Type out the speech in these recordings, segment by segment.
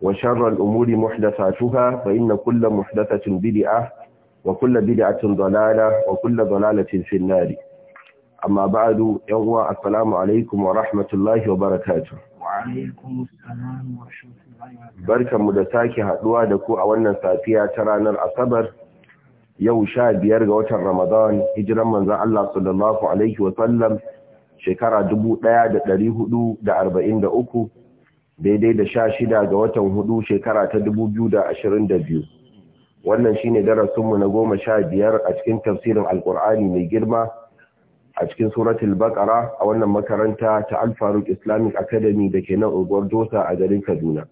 Wa Umuri وشر الأمور محدثاتها فإن كل محدثة بدعة وكل بدعة ضلالة وكل ضلالة في النار أما بعد يغوى السلام عليكم ورحمة wa وبركاته Barka mu da sake haɗuwa da ku a wannan safiya ta ranar Asabar yau sha biyar ga watan Ramadan hijiran manzan Allah sallallahu shekara dubu ɗaya da ɗari hudu da arba'in da uku daidai da sha shida ga watan hudu shekara ta dubu biyu da ashirin da biyu wannan shine darasinmu na goma sha biyar a cikin tafsirin alkur'ani mai girma a cikin suratul baqara a wannan makaranta ta alfaruk islamic academy da ke nan unguwar dosa a garin kaduna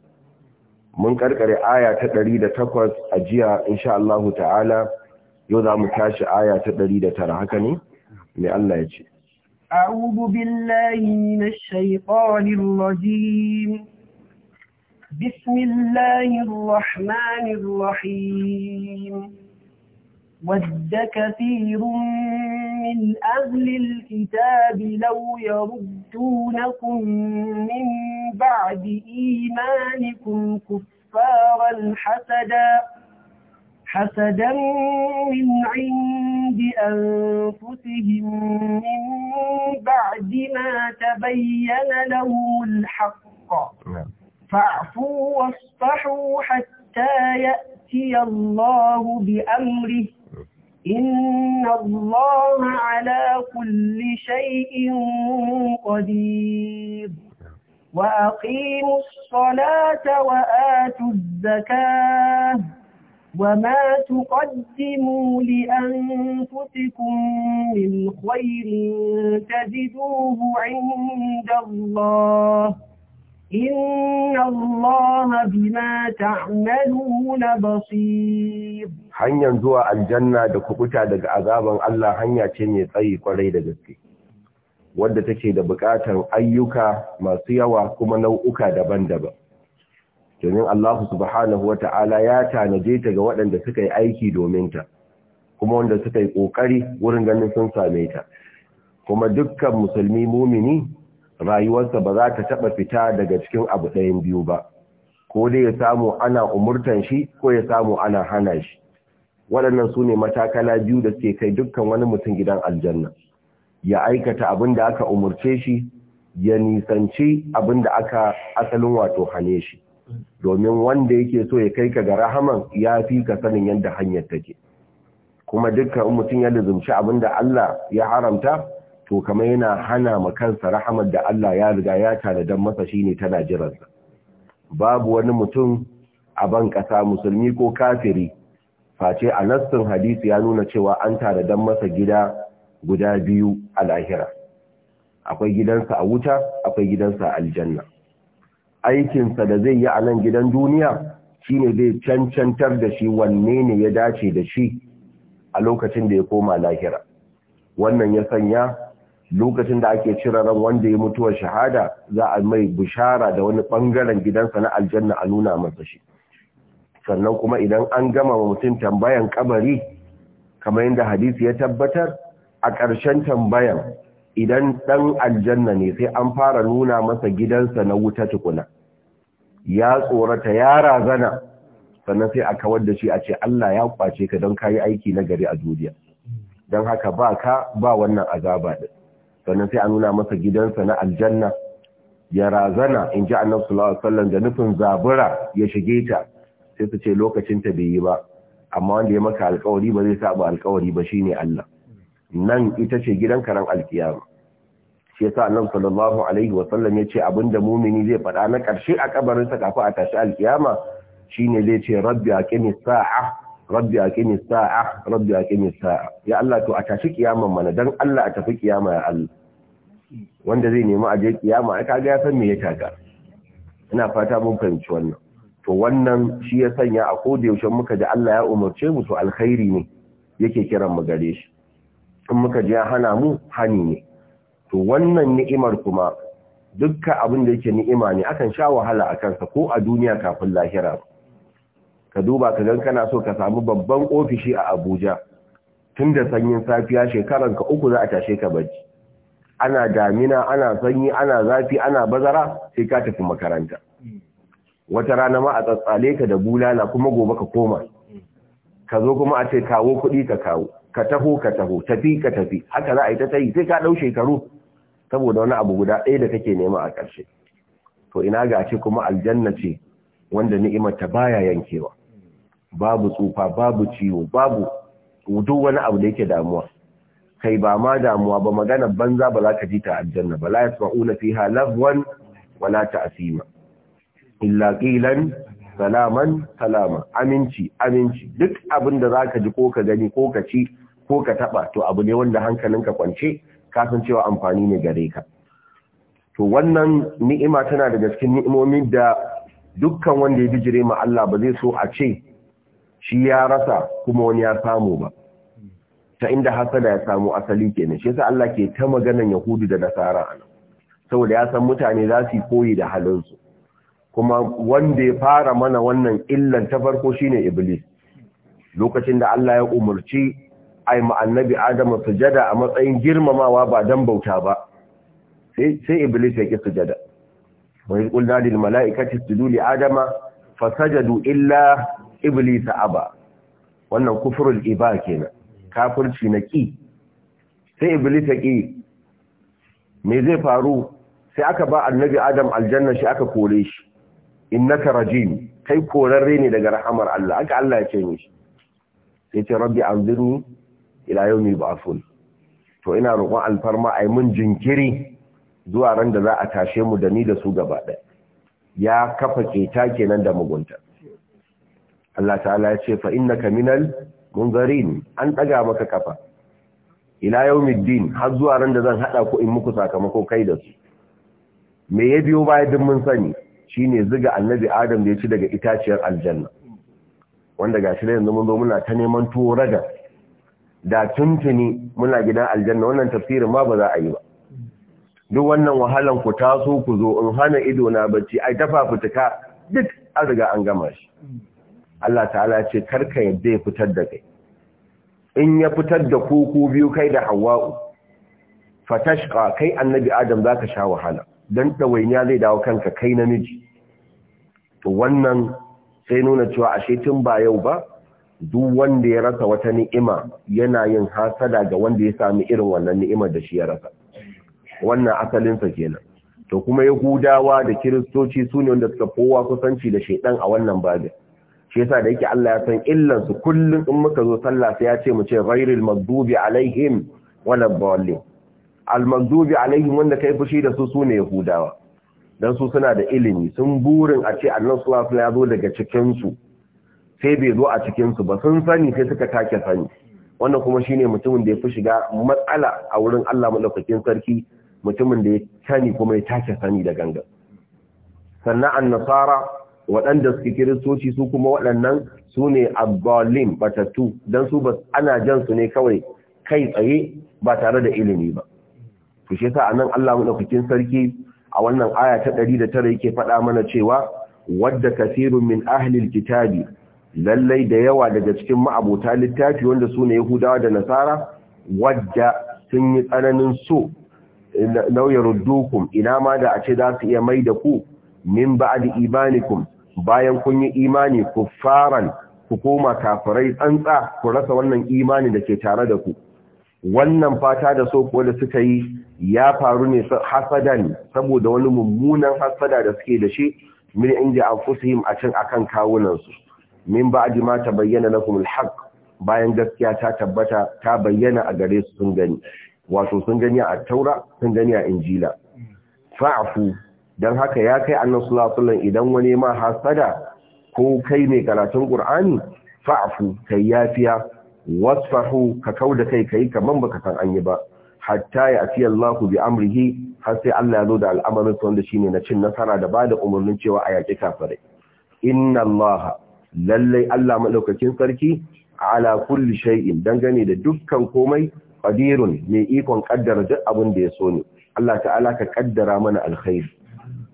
mun karkare aya ta ɗari da takwas a jiya insha allahu ta'ala yau za mu tashi aya ta ɗari da tara haka ne mai allah ya ce أعوذ بالله من الشيطان الرجيم بسم الله الرحمن الرحيم ود كثير من أهل الكتاب لو يردونكم من بعد إيمانكم كفارا حسدا حسدا من عند أنفسهم من بعد ما تبين لهم الحق نعم. فاعفوا واصفحوا حتى يأتي الله بأمره إن الله على كل شيء قدير وأقيموا الصلاة وآتوا الزكاة وما تقدموا لأنفسكم من خير تجدوه عند الله إن الله بما تعملون بصير hanyar zuwa aljanna da kubuta daga azaban Allah hanya ce mai tsayi kwarai da gaske wadda take da buƙatar ayyuka masu yawa kuma nau'uka daban-daban domin Allah subhanahu wata'ala ya tanaje ta ga waɗanda suka yi aiki domin ta kuma wanda suka yi ƙoƙari wurin ganin sun same ta kuma dukkan musulmi mumini rayuwarsa ba za ta taɓa fita daga cikin abu ɗayan biyu ba ko dai ya samu ana umurtan shi ko ya samu ana hana shi waɗannan su ne matakala biyu da suke kai dukkan wani mutum gidan aljanna ya aikata abin da aka umurce shi ya nisanci abin da aka asalin wato hane shi domin wanda yake so ya kai ka ga rahaman ya fi ka sanin yadda hanyar take kuma dukkan mutum ya lizumci abin da Allah ya haramta to kamar yana hana ma kansa rahamar da Allah ya riga ya tanadan masa shine tana jiransa babu wani mutum a ban kasa musulmi ko kafiri face a nassin hadisi ya nuna cewa an tanadan masa gida guda biyu a lahira akwai gidansa a wuta akwai gidansa a aljanna aikinsa da zai yi a nan gidan duniya shine zai cancantar da shi wanne ne ya dace da shi a lokacin da ya koma lahira wannan ya sanya lokacin da ake cire ran wanda ya mutuwar shahada za a mai bishara da wani bangaren gidansa na aljanna a nuna masa shi sannan kuma idan an gama mutum tambayan kabari kamar yadda hadisi ya tabbatar a ƙarshen tambayan idan ɗan aljanna ne sai an fara nuna masa gidansa na wuta tukuna ya tsorata ya razana sannan sai a kawar da shi a ce Allah ya kwace ka don kayi aiki na gari a duniya don haka ba ka ba wannan azaba din sannan sai a nuna masa gidansa na aljanna ya razana in ji annabu sallallahu alaihi wasallam da nufin zabura ya shige ta sai su ce lokacin ta bai yi ba amma wanda ya maka alkawari ba zai saba alkawari ba shine Allah nan ita ce gidan karan alkiyama shi yasa annabi sallallahu alaihi wasallam ya ce abinda mumini zai faɗa na ƙarshe a kabarin sa kafin a tashi alkiyama shine zai ce rabbi aqimi sa'a rabbi aqimi sa'a rabbi aqimi sa'a ya Allah to a tashi kiyaman mana dan Allah a tafi kiyama ya Allah wanda zai nemi a kiyama ai kaga ya san me ya taka ina fata mun fahimci wannan to wannan shi ya sanya a ko da yaushe muka ji Allah ya umarce mu to alkhairi ne yake kiran mu gare shi in muka ji ya hana mu hani ne to wannan ni'imar kuma dukkan abin da yake ni'ima ne akan sha wahala a kansa ko a duniya kafin lahira ka duba ka gan kana so ka samu babban ofishi a Abuja Tunda sanyin safiya shekaranka uku za a tashe ka bacci ana damina ana sanyi ana zafi ana bazara sai ka tafi makaranta wata rana ma a tsatsale ka da bulala kuma gobe ka koma ka zo kuma a ce kawo kuɗi ka kawo ka taho ka taho tafi ka tafi haka za a yi ta tayi sai ka ɗau shekaru saboda wani abu guda ɗaya da kake nema a ƙarshe to ina ga ce kuma aljanna ce wanda ni'imar ta baya yankewa babu tsufa babu ciwo babu duk wani abu da yake damuwa kai ba ma damuwa ba magana banza ba za ka ji ta aljanna ba la yasma'una fiha lagwan wala ta'sima illa qilan salaman salama aminci aminci duk abin da zaka ji ko ka gani ko ka ci ko ka taba to abu ne wanda hankalinka kwance ka san cewa amfani ne gare ka to wannan ni'ima tana daga cikin ni'imomin da dukkan wanda ya bijire ma Allah ba zai so a ce shi ya rasa kuma wani ya samu ba ta inda hasada ya samu asali kenan shi yasa Allah ke ta maganan Yahudu da Nasara a nan saboda ya san mutane za su koyi da halin su kuma wanda ya fara mana wannan illan ta farko shine Iblis lokacin da Allah ya umurci ai ma annabi Adamu sujada a matsayin girmamawa ba dan bauta ba sai sai Iblis ya ki sujada wa qulna lil malaikati isjudu li adama fasajadu illa Iblis aba wannan kufrul iba kenan kafirci na ƙi sai iblis ya ƙi me zai faru sai aka ba annabi adam aljanna shi aka kore shi innaka rajim kai korarre ne daga rahamar Allah aka Allah ya ce mishi sai ce rabbi anzirni ila yawmi ba'thun to ina roƙon alfarma ai mun jinkiri zuwa ran da za a tashe mu da ni da su gaba ɗaya ya kafa keta kenan da mugunta Allah ta'ala ya ce fa innaka minal munzarin an ɗaga maka kafa ila yawmiddin har zuwa ran da zan haɗa ku in muku sakamako kai da su me ya biyo baya duk mun sani shine ziga annabi adam da ya ci daga itaciyar aljanna wanda gashi ne yanzu mun zo muna ta neman tuwo raga da tuntuni muna gidan aljanna wannan tafsirin ma ba za a yi ba duk wannan wahalan ku taso ku zo in hana ido na bacci ai ta duk an riga an gama shi Allah ta'ala ya ce karka yadda ya fitar da kai in ya fitar da kuku biyu kai da hawa'u fatashqa kai annabi adam zaka sha wahala dan dawainiya zai dawo kanka kai namiji to wannan sai nuna cewa ashe tun ba yau ba duk wanda ya rasa wata ni'ima yana yin hasada ga wanda ya sami irin wannan ni'imar da shi ya rasa wannan asalinsa kenan to kuma yahudawa da kiristoci su ne wanda suka kowa kusanci da shedan a wannan babin shi yasa da yake Allah ya san illan su kullun in muka zo sallah sai ya ce mu ce ghairil maghdubi alaihim wala dallin al maghdubi alaihim wanda kai fushi da su sune yahudawa dan su suna da ilimi sun burin a ce Allah sallallahu alaihi ya zo daga cikin su sai bai zo a cikin su ba sun sani sai suka take sani wannan kuma shine mutumin da ya fi shiga matsala a wurin Allah madaukakin sarki mutumin da ya sani kuma ya take sani da ganga sannan annasara waɗanda suke kiristoci su kuma waɗannan su ne abbalin batattu don su ba ana jan su ne kawai kai tsaye ba tare da ilimi ba Kushe shi a nan Allah ɗaukakin sarki a wannan aya ta ɗari da tara yake faɗa mana cewa wadda kasirun min ahlil kitabi, lallai da yawa daga cikin ma'abota littafi wanda su ne yahudawa da nasara wadda sun yi tsananin so lauyar dukum ina ma da a ce za su iya mai da ku min ba'ad imanikum bayan kun yi imani ku faran ku koma kafirai tsantsa ku rasa wannan imani da ke tare da ku wannan fata da so kuwa da suka yi ya faru ne hasadan saboda wani mummunan hasada da suke da shi min inda anfusihim a cin akan kawunan su min ba'di ma tabayyana lakum alhaq bayan gaskiya ta tabbata ta bayyana a gare su sun gani wato sun gani a taura sun gani a injila fa'fu don haka ya kai annan idan wani ma hasada ko kai mai karatun ƙur'ani fa'afu kai yafiya wasfahu ka kau da kai yi kamar baka san an yi ba hatta ya ati Allahu bi amrihi har sai Allah ya zo da al'amarin sa wanda shine na cin nasara da bada umarnin cewa a yaƙi kafare. inna Allah lallai Allah maɗaukakin sarki ala kulli shay'in dangane da dukkan komai qadirun mai ikon kaddara duk abin da ya so ne Allah ta'ala ka kaddara mana alkhairi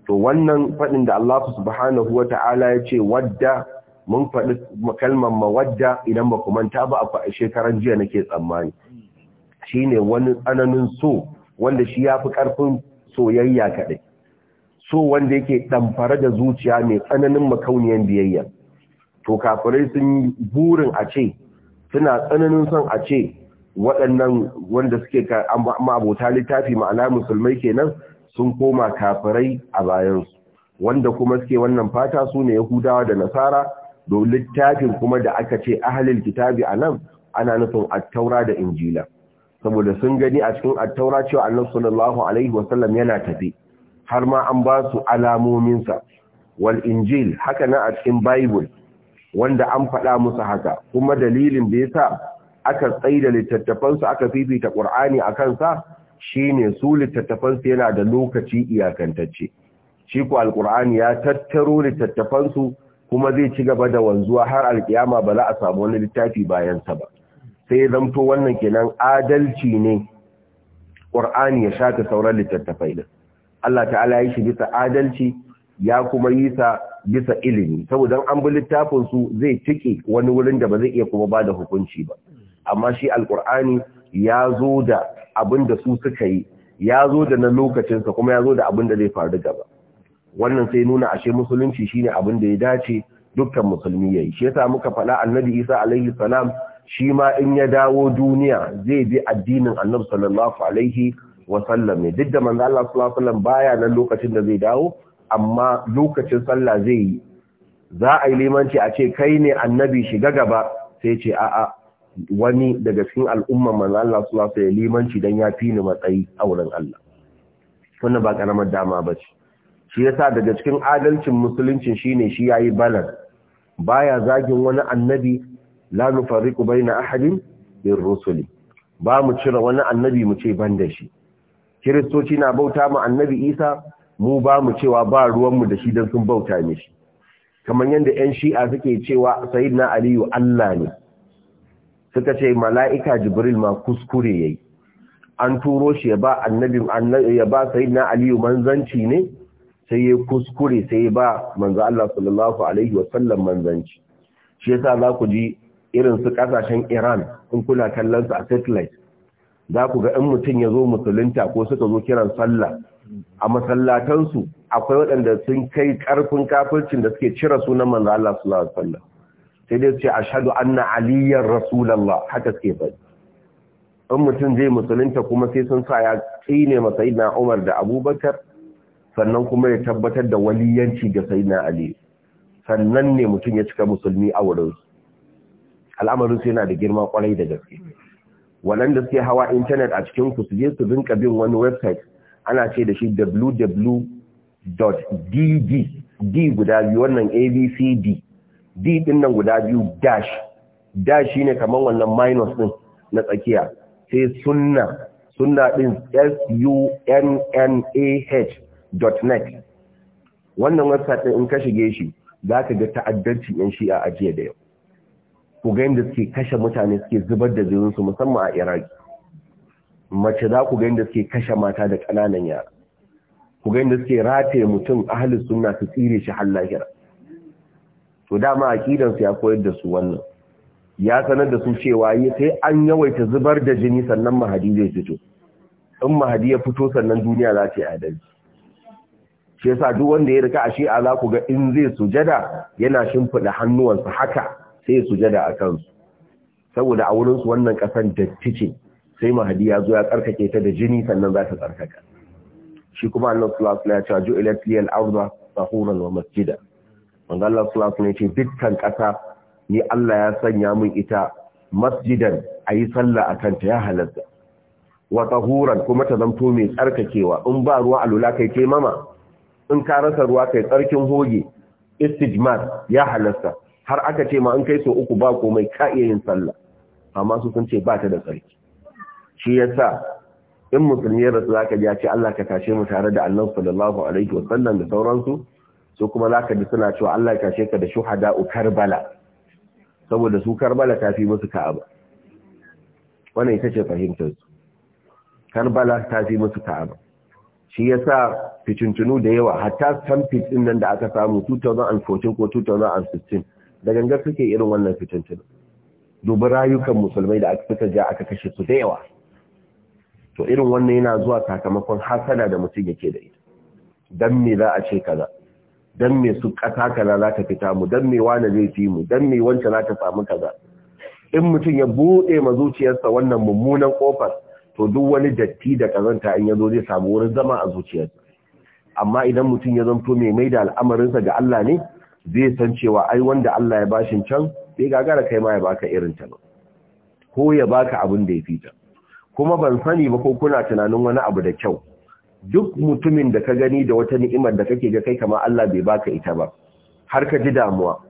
to wannan faɗin da Allah subhanahu wata'ala ya ce wadda mun faɗi kalmar mawadda idan ba manta ba a shekaran jiya nake tsammani shine wani tsananin so wanda shi yafi ƙarfin soyayya kaɗai so wanda yake ɗamfare da zuciya mai tsananin makauniyan biyayya to kafirai sun yi burin a ce suna tsananin son a ce waɗannan wanda suke abota littafi ma'ana musulmai kenan sun koma kafirai a bayansu wanda kuma suke wannan fata su ne yahudawa da nasara do littafin kuma da aka ce ahalil kitabi a nan ana nufin attaura da injila saboda sun gani a cikin attaura cewa annabi sallallahu alaihi wasallam yana tafi har ma an ba su alamominsa wal injil haka na a cikin bible wanda an faɗa musu haka kuma dalilin da yasa aka tsaida littattafansu aka fifita qur'ani akan sa Shi ne su littattafansu yana da lokaci iyakantacce shi ku ya tattaro littattafansu kuma zai ci gaba da wanzuwa har alkiyama ba za a samu wani littafi bayansa ba sai zamto wannan kenan adalci ne Ƙur'ani ya shata sauran littattafai da Allah ta'ala ya shi bisa adalci ya kuma yi sa bisa ilimi saboda an bi littafinsu zai tike wani wurin da ba zai iya kuma ba da hukunci ba amma shi Alƙur'ani ya zo da abin da su suka yi ya zo da na lokacinsa kuma ya zo da abin da zai faru gaba wannan sai nuna ashe musulunci shine abin da ya dace dukkan musulmi yayi shi yasa muka faɗa annabi Isa alaihi salam shi ma in ya dawo duniya zai bi addinin annabi sallallahu alaihi wa sallam ne duk da manzo Allah sallallahu alaihi wasallam baya nan lokacin da zai dawo amma lokacin sallah zai yi za a yi limanci a ce kai ne annabi shiga gaba sai ce a'a wani daga cikin al'umman manzo Allah sallallahu alaihi wasallam limanci dan ya fi ni matsayi a wurin Allah wannan ba karamar dama bace shi yasa daga cikin adalcin musulunci shine shi yayi balan baya zagin wani annabi la nufariqu baina ahadin min rusuli ba mu cire wani annabi mu ce ban da shi kiristoci na bauta mu annabi Isa mu ba mu cewa ba ruwan mu da shi dan sun bauta mishi kamar yanda 'yan shi'a suke cewa sayyidina aliyu Allah ne suka ce mala'ika jibril ma kuskure ya yi. an turo shi ya ba annabin ya ba na aliyu manzanci ne sai ya kuskure sai ya ba manzo Allah sallallahu alaihi wasallam manzanci shi ya sa za ku ji irin su kasashen Iran in kula kallonsa a satellite za ku ga in mutum ya zo musulunta ko suka zo kiran sallah a masallatansu akwai waɗanda sun kai ƙarfin kafircin da suke cire sunan manzo Allah sallallahu alaihi wasallam sai dai ce ashhadu anna Aliyar Rasulallah haka suke faɗi in mutum zai musulunta kuma sai sun sa ya tsine ma Umar da Abubakar sannan kuma ya tabbatar da waliyanci ga Saina Ali sannan ne mutum ya cika musulmi a wurin su al'amarin su yana da girma kwarai da gaske waɗanda suke hawa intanet a cikin ku su je su rinka bin wani website ana ce da shi www.dd d guda biyu wannan abcd d din nan guda biyu dash dash shine kamar wannan minus din na tsakiya sai sunna sunna din s u n n a h dot net wannan website in ka shige shi za ka ga ta'addanci yan shi a jiya da yau ku ga yadda suke kashe mutane suke zubar da jininsu musamman a iraki mace za ku ga yadda suke kashe mata da ƙananan yara ku ga yadda suke rataye mutum ahalin sunna su tsire shi har lahira to dama aqidan su ya koyar da su wannan ya sanar da su cewa yi sai an yawaita zubar da jini sannan mahadi zai fito in mahadi ya fito sannan duniya za ta yi adalci shi yasa duk wanda ya rika ashe ala ku ga in zai sujada yana shimfida hannuwansa haka sai sujada a kansu saboda a wurinsu wannan kasan datti ce sai mahadi ya zo ya tsarkake ta da jini sannan za ta tsarkaka shi kuma annabi sallallahu alaihi wasallam ya ce ju'ilat liyal ardu tahuran wa masjida Allah sallallahu alaihi ce dukkan ƙasa ni Allah ya sanya min ita masjidan ayi sallah akan ta ya halatta wa tahuran kuma ta zamto mai tsarkakewa in ba ruwa alula kai ke mama in ka rasa ruwa kai tsarkin hoge istijmar ya halatta har aka ce ma in kai so uku ba komai ka iya yin sallah amma su sun ce ba ta da tsarki shi yasa in musulmi ya rasu zaka ji ya ce Allah ka tashe mu tare da Allah sallallahu alaihi wasallam da sauransu su kuma za ka ji suna cewa Allah ya kashe ka da shuhada'u karbala saboda su karbala ta fi musu ka'aba wannan ita ce fahimtarsu karbala ta fi musu ka'aba shi ya sa fitintunu da yawa hatta san fitin nan da aka samu 2014 ko 2016 da gangar suke irin wannan fitintunu dubi rayukan musulmai da aka suka ja aka kashe su da yawa to irin wannan yana zuwa sakamakon hasada da mutum yake da ita dan me za a ce kaza dan me su ƙasa kaza za ta fita mu dan me wane zai fi mu dan me wancan za ta samu kaza in mutum ya buɗe ma zuciyarsa wannan mummunan ƙofar to duk wani datti da ƙazanta in ya zo zai samu wurin zama a zuciyarsa amma idan mutum ya zanto mai mai da al'amarinsa ga Allah ne zai san cewa ai wanda Allah ya bashin can sai gagara kai ma ya baka irin ta ba ko ya baka abin da ya fita kuma ban sani ba ko kuna tunanin wani abu da kyau duk mutumin da ka gani da wata ni'imar da kake ga kai kamar Allah bai baka ita ba har ka ji damuwa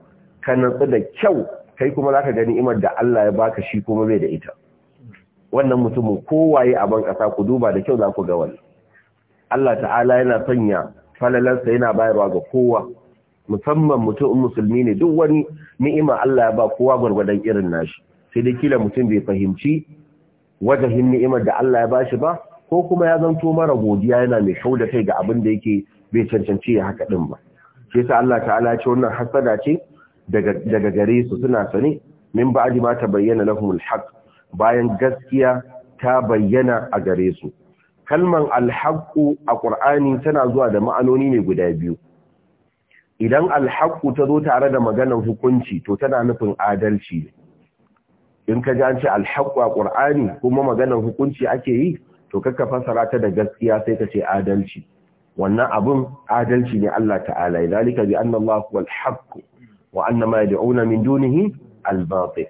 ka nantsu da kyau kai kuma zaka ga ni'imar da Allah ya baka shi kuma bai da ita wannan mutumin waye a ban kasa ku duba da kyau za ku ga wani. Allah ta'ala yana sanya falalansa yana bayarwa ga kowa musamman mutum musulmi ne duk wani ni'ima Allah ya ba kowa gurgurdan irin nashi sai dai kila mutum bai fahimci wajahin ni'imar da Allah ya bashi ba ko kuma ya zanto mara godiya yana mai kau da kai ga abin da yake bai cancanci ya haka din ba Ke sa Allah ta'ala ya ce wannan hasada ce daga gare su suna sane min ba'di ma bayyana lahumul haqq bayan gaskiya ta bayyana a gare su kalman alhaƙu a Qur'ani tana zuwa da ma'anoni ne guda biyu idan alhaƙu ta zo tare da maganar hukunci to tana nufin adalci in ka ji an ce alhaƙu a Qur'ani kuma maganar hukunci ake yi to ka fassara ta da gaskiya sai ka ce adalci wannan abun adalci ne Allah ta'ala zalika bi anna Allah huwa al-haqq wa anna ma yad'una min dunihi al-batil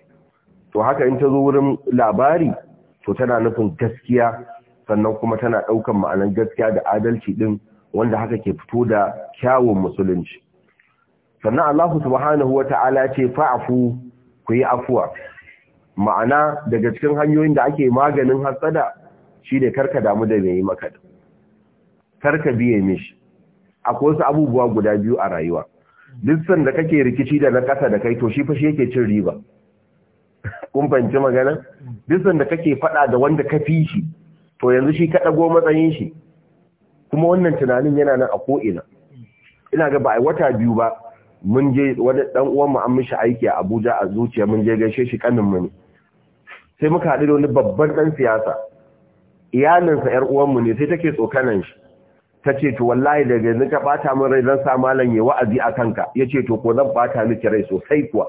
to haka in ta zo wurin labari to tana nufin gaskiya sannan kuma tana daukan ma'anar gaskiya da adalci din wanda haka ke fito da kyawun musulunci sannan Allah subhanahu wa ta'ala ce fa'fu ku yi afuwa ma'ana daga cikin hanyoyin da ake maganin hasada shi ne karka damu da mai yi maka da karka biye mishi akwai wasu abubuwa guda biyu a rayuwa duk sanda kake rikici da na kasa da kai to shi fa yake cin riba kun fahimci magana duk sanda kake faɗa da wanda ka fi shi to yanzu shi ka ɗago matsayin shi kuma wannan tunanin yana nan a ko'ina ina ga ba a wata biyu ba mun je wani ɗan mu an mishi aiki a Abuja a zuciya mun je gaishe shi kanin mu ne sai muka haɗu da wani babban ɗan siyasa iyalinsa ‘yar uwanmu ne sai take tsokanan shi ta ce to wallahi daga yanzu ka bata min rai zan sa malam ya wa'azi a kanka ya ce to ko zan bata miki rai sosai kuwa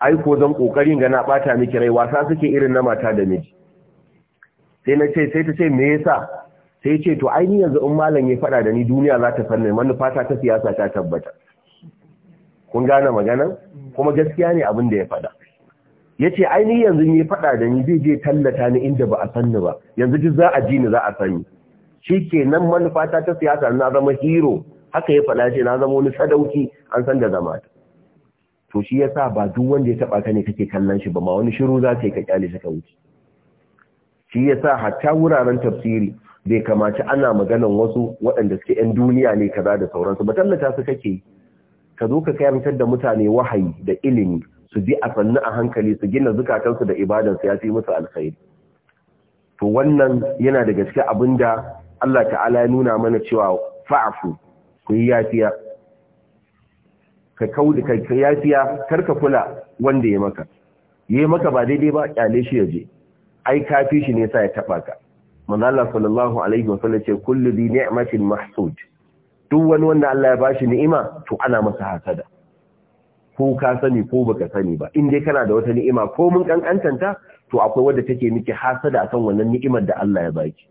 ai ko zan kokarin ga na bata miki rai wasa suke irin na mata da miji sai na ce sai ta ce me yasa sai ce to ai ni yanzu in malam ya faɗa da ni duniya za ta sanne manufa ta ta siyasa ta tabbata kun gane maganan, kuma gaskiya ne abin da ya faɗa. ya ce ainihin yanzu ne faɗa da ni zai je tallata ni inda ba a sanni ba yanzu duk za a ji ni za a sani shi ke nan manufata ta siyasa na zama hero haka ya fada ce na zama wani sadauki an san da zama ta. to shi ya sa ba duk wanda ya taba ka ne kake kallon shi ba ma wani shiru za ka yi ka kyale shi ka wuce shi ya sa hatta wuraren tafsiri bai kamaci ana maganan wasu waɗanda suke 'yan duniya ne kaza da sauransu ba tallata su kake ka zo ka kayantar da mutane wahayi da ilimi su bi a sannu a hankali su gina zukatansu da ibadansu ya fi musu alkhairi to wannan yana da gaske da Allah ta'ala ya nuna mana cewa fa'afu ku yi yafiya ka ka yafiya kula wanda ya maka yi maka ba daidai ba kyale shi je. ai kafi shi ne sa ya taba ka manzo Allah sallallahu alaihi wa sallam ce kullu bi ni'matin mahsud duk wani wanda Allah ya bashi ni'ima to ana masa hasada ko ka sani ko baka sani ba in dai kana da wata ni'ima ko mun kankantanta to akwai wadda take miki hasada akan wannan ni'imar da Allah ya baki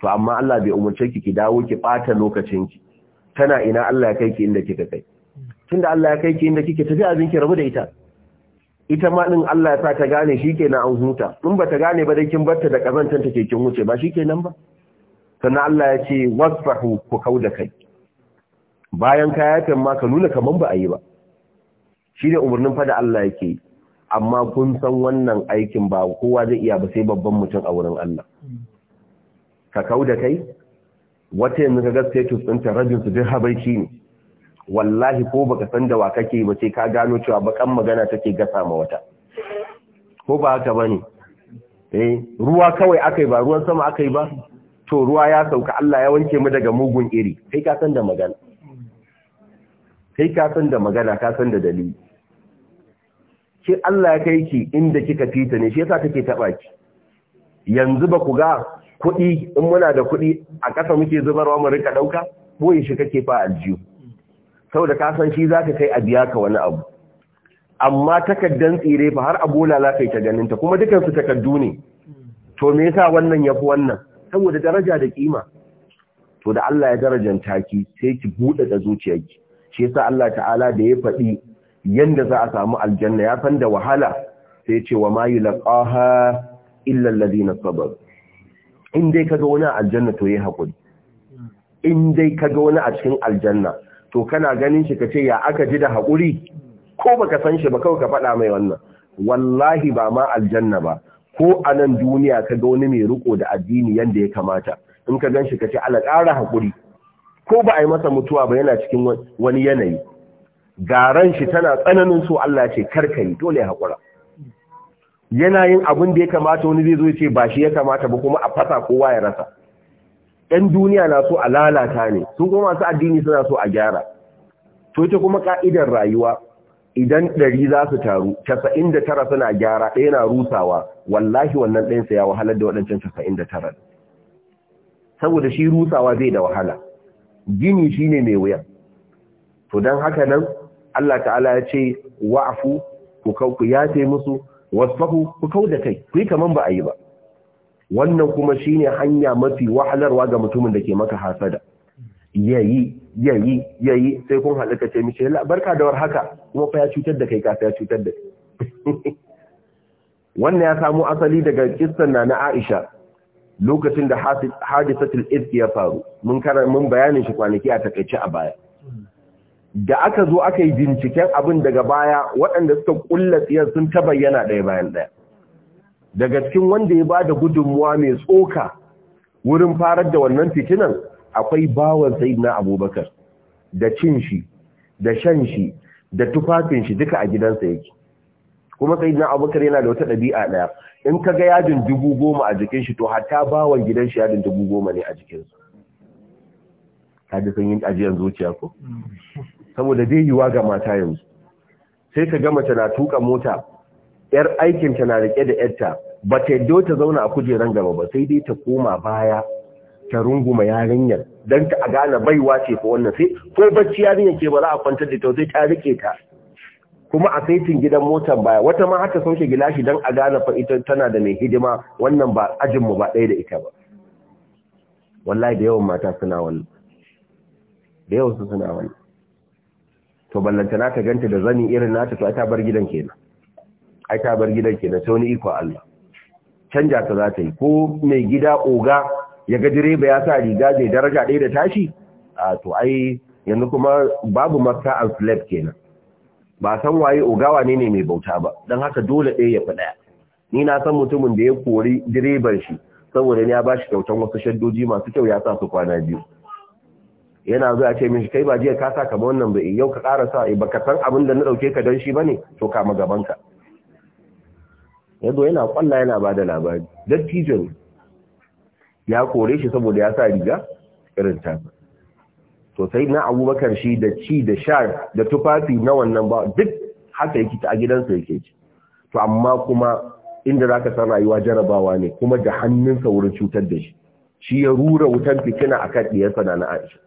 to amma Allah bai umarce ki ki dawo ki bata lokacin ki tana ina Allah ya kai ki inda kika kai tunda Allah ya kai ki inda kike tafi abin ki rabu da ita ita ma din Allah ya sa ta gane shikenan an huta in bata gane ba dai kin barta da kazantan take kin wuce ba shikenan ba sannan Allah ya ce wasfahu ku kauda kai bayan kayatan ma ka nuna kaman ba a yi ba shi ne umarnin fada Allah yake yi amma kun san wannan aikin ba kowa zai iya ba sai babban mutum a wurin Allah ka kau da kai wata yanzu ka ga status ɗinta rajin su duk habaici ne wallahi ko baka san da wa kake ba sai ka gano cewa bakan magana take gasa ma wata ko ba haka bane eh ruwa kawai akai ba ruwan sama akai ba to ruwa ya sauka Allah ya wanke mu daga mugun iri kai ka san da magana kai ka san da magana ka san da dalili shi Allah ya kai ki inda kika fita ne shi yasa kake taba ki yanzu ba ku ga kuɗi in muna da kuɗi a ƙasa muke zubarwa mu rika ɗauka boye shi kake fa aljihu saboda ka san shi zaka kai a biya ka wani abu amma takaddan tsire fa har abu la kai ta ganin ta kuma dukansu takaddu ne to me yasa wannan yafi wannan saboda daraja da kima to da Allah ya darajanta ki sai ki buɗe da zuciyarki shi yasa Allah ta'ala da ya faɗi yanda za a samu aljanna ya san da wahala sai ce wa ma laqaha illa alladhina sabar in dai kaga wani aljanna to yi hakuri in dai kaga wani a cikin aljanna to kana ganin shi kace ya aka ji da hakuri ko baka san shi ba kawai ka faɗa mai wannan wallahi ba ma aljanna ba ko a nan duniya kaga wani mai riko da addini yanda ya kamata in ka ganshi shi kace ala kara hakuri ko ba a yi masa mutuwa ba yana cikin wani yanayi garan shi tana tsananin so Allah ce karkai dole ya haƙura yana yin abin da ya kamata wani zai zo ce ba shi ya kamata ba kuma a fasa kowa ya rasa ɗan duniya na so a lalata ne sun kuma masu addini suna so a gyara to ita kuma ka'idar rayuwa idan ɗari za su taru casa'in da tara suna gyara ɗaya na rusawa wallahi wannan ɗayansa ya wahalar da waɗancan casa'in da tara saboda shi rusawa zai da wahala gini shine mai wuya. to don haka nan Allah ta'ala ya ce wa'afu ku kau ku yafe musu wasfahu ku kau da kai ku kaman ba a yi ba wannan kuma shine hanya mafi wahalarwa ga mutumin da ke maka hasada yayi yayi yayi sai kun haɗu ka ce mishi barka da war haka kuma fa ya cutar da kai ka ya cutar da kai wannan ya samu asali daga kissan na na Aisha lokacin da hadisatul ifk ya faru mun mun bayanin shi kwanaki a takaice a baya da aka zo aka yi binciken abin daga baya waɗanda suka ƙulla tsiyar sun ta bayyana ɗaya bayan ɗaya daga cikin wanda ya ba da gudunmuwa mai tsoka wurin farar da wannan fitinan akwai bawan na abubakar da cin shi da shan shi da tufafin shi duka a gidansa yake kuma na abubakar yana da wata ɗabi'a ɗaya in ka ga yadin dubu goma a jikin shi to hatta bawan gidan shi yadin dubu goma ne a jikinsa kaji sun yi ajiyar zuciya ko mm. saboda zai yiwa ga mata yanzu sai ka gama tana tuka mota yar aikin ta na rike da yarta ba ta ta zauna a kujerar gaba ba sai dai ta koma baya ta runguma yarinyar don ta a gane baiwa ce ko wannan sai ko bacci yarinyar ke ba za a kwantar da ta sai ta rike ta kuma a saitin gidan motar baya wata ma haka sauke gilashi don a gane fa ita tana da mai hidima wannan ba ajinmu ba ɗaya da ita ba wallahi da yawan mata suna wannan da yau su suna wani to ballanta na ta ganta da zani irin nata to ai ta bar gidan kenan ai ta bar gidan kenan sai wani iko Allah canja ta za ta yi ko mai gida oga ya ga direba ya sa riga zai daraja ɗaya da tashi a to ai yanzu kuma babu masa an slab kenan ba san waye ogawa ne ne mai bauta ba don haka dole ɗaya ya fi ni na san mutumin da ya kori direban shi saboda ya ba shi kyautan wasu shaddoji masu kyau ya sa su kwana biyu yana zuwa ce mishi kai ba jiya ka sa kamar wannan ba yau ka ƙara sa eh, ba ka san abin da na ɗauke ka don shi ba ne to kama gabanka yadda yana kwalla yana ba da labari dattijon ya kore shi saboda ya sa riga irin tafi to sai na abubakar shi da ci da sha da tufafi na wannan ba duk haka yake ta a gidansa yake ci to amma kuma inda za ka san rayuwa jarabawa ne kuma da hannunsa wurin cutar da shi shi ya rura wutan fitina a kan ɗiyarsa na na aisha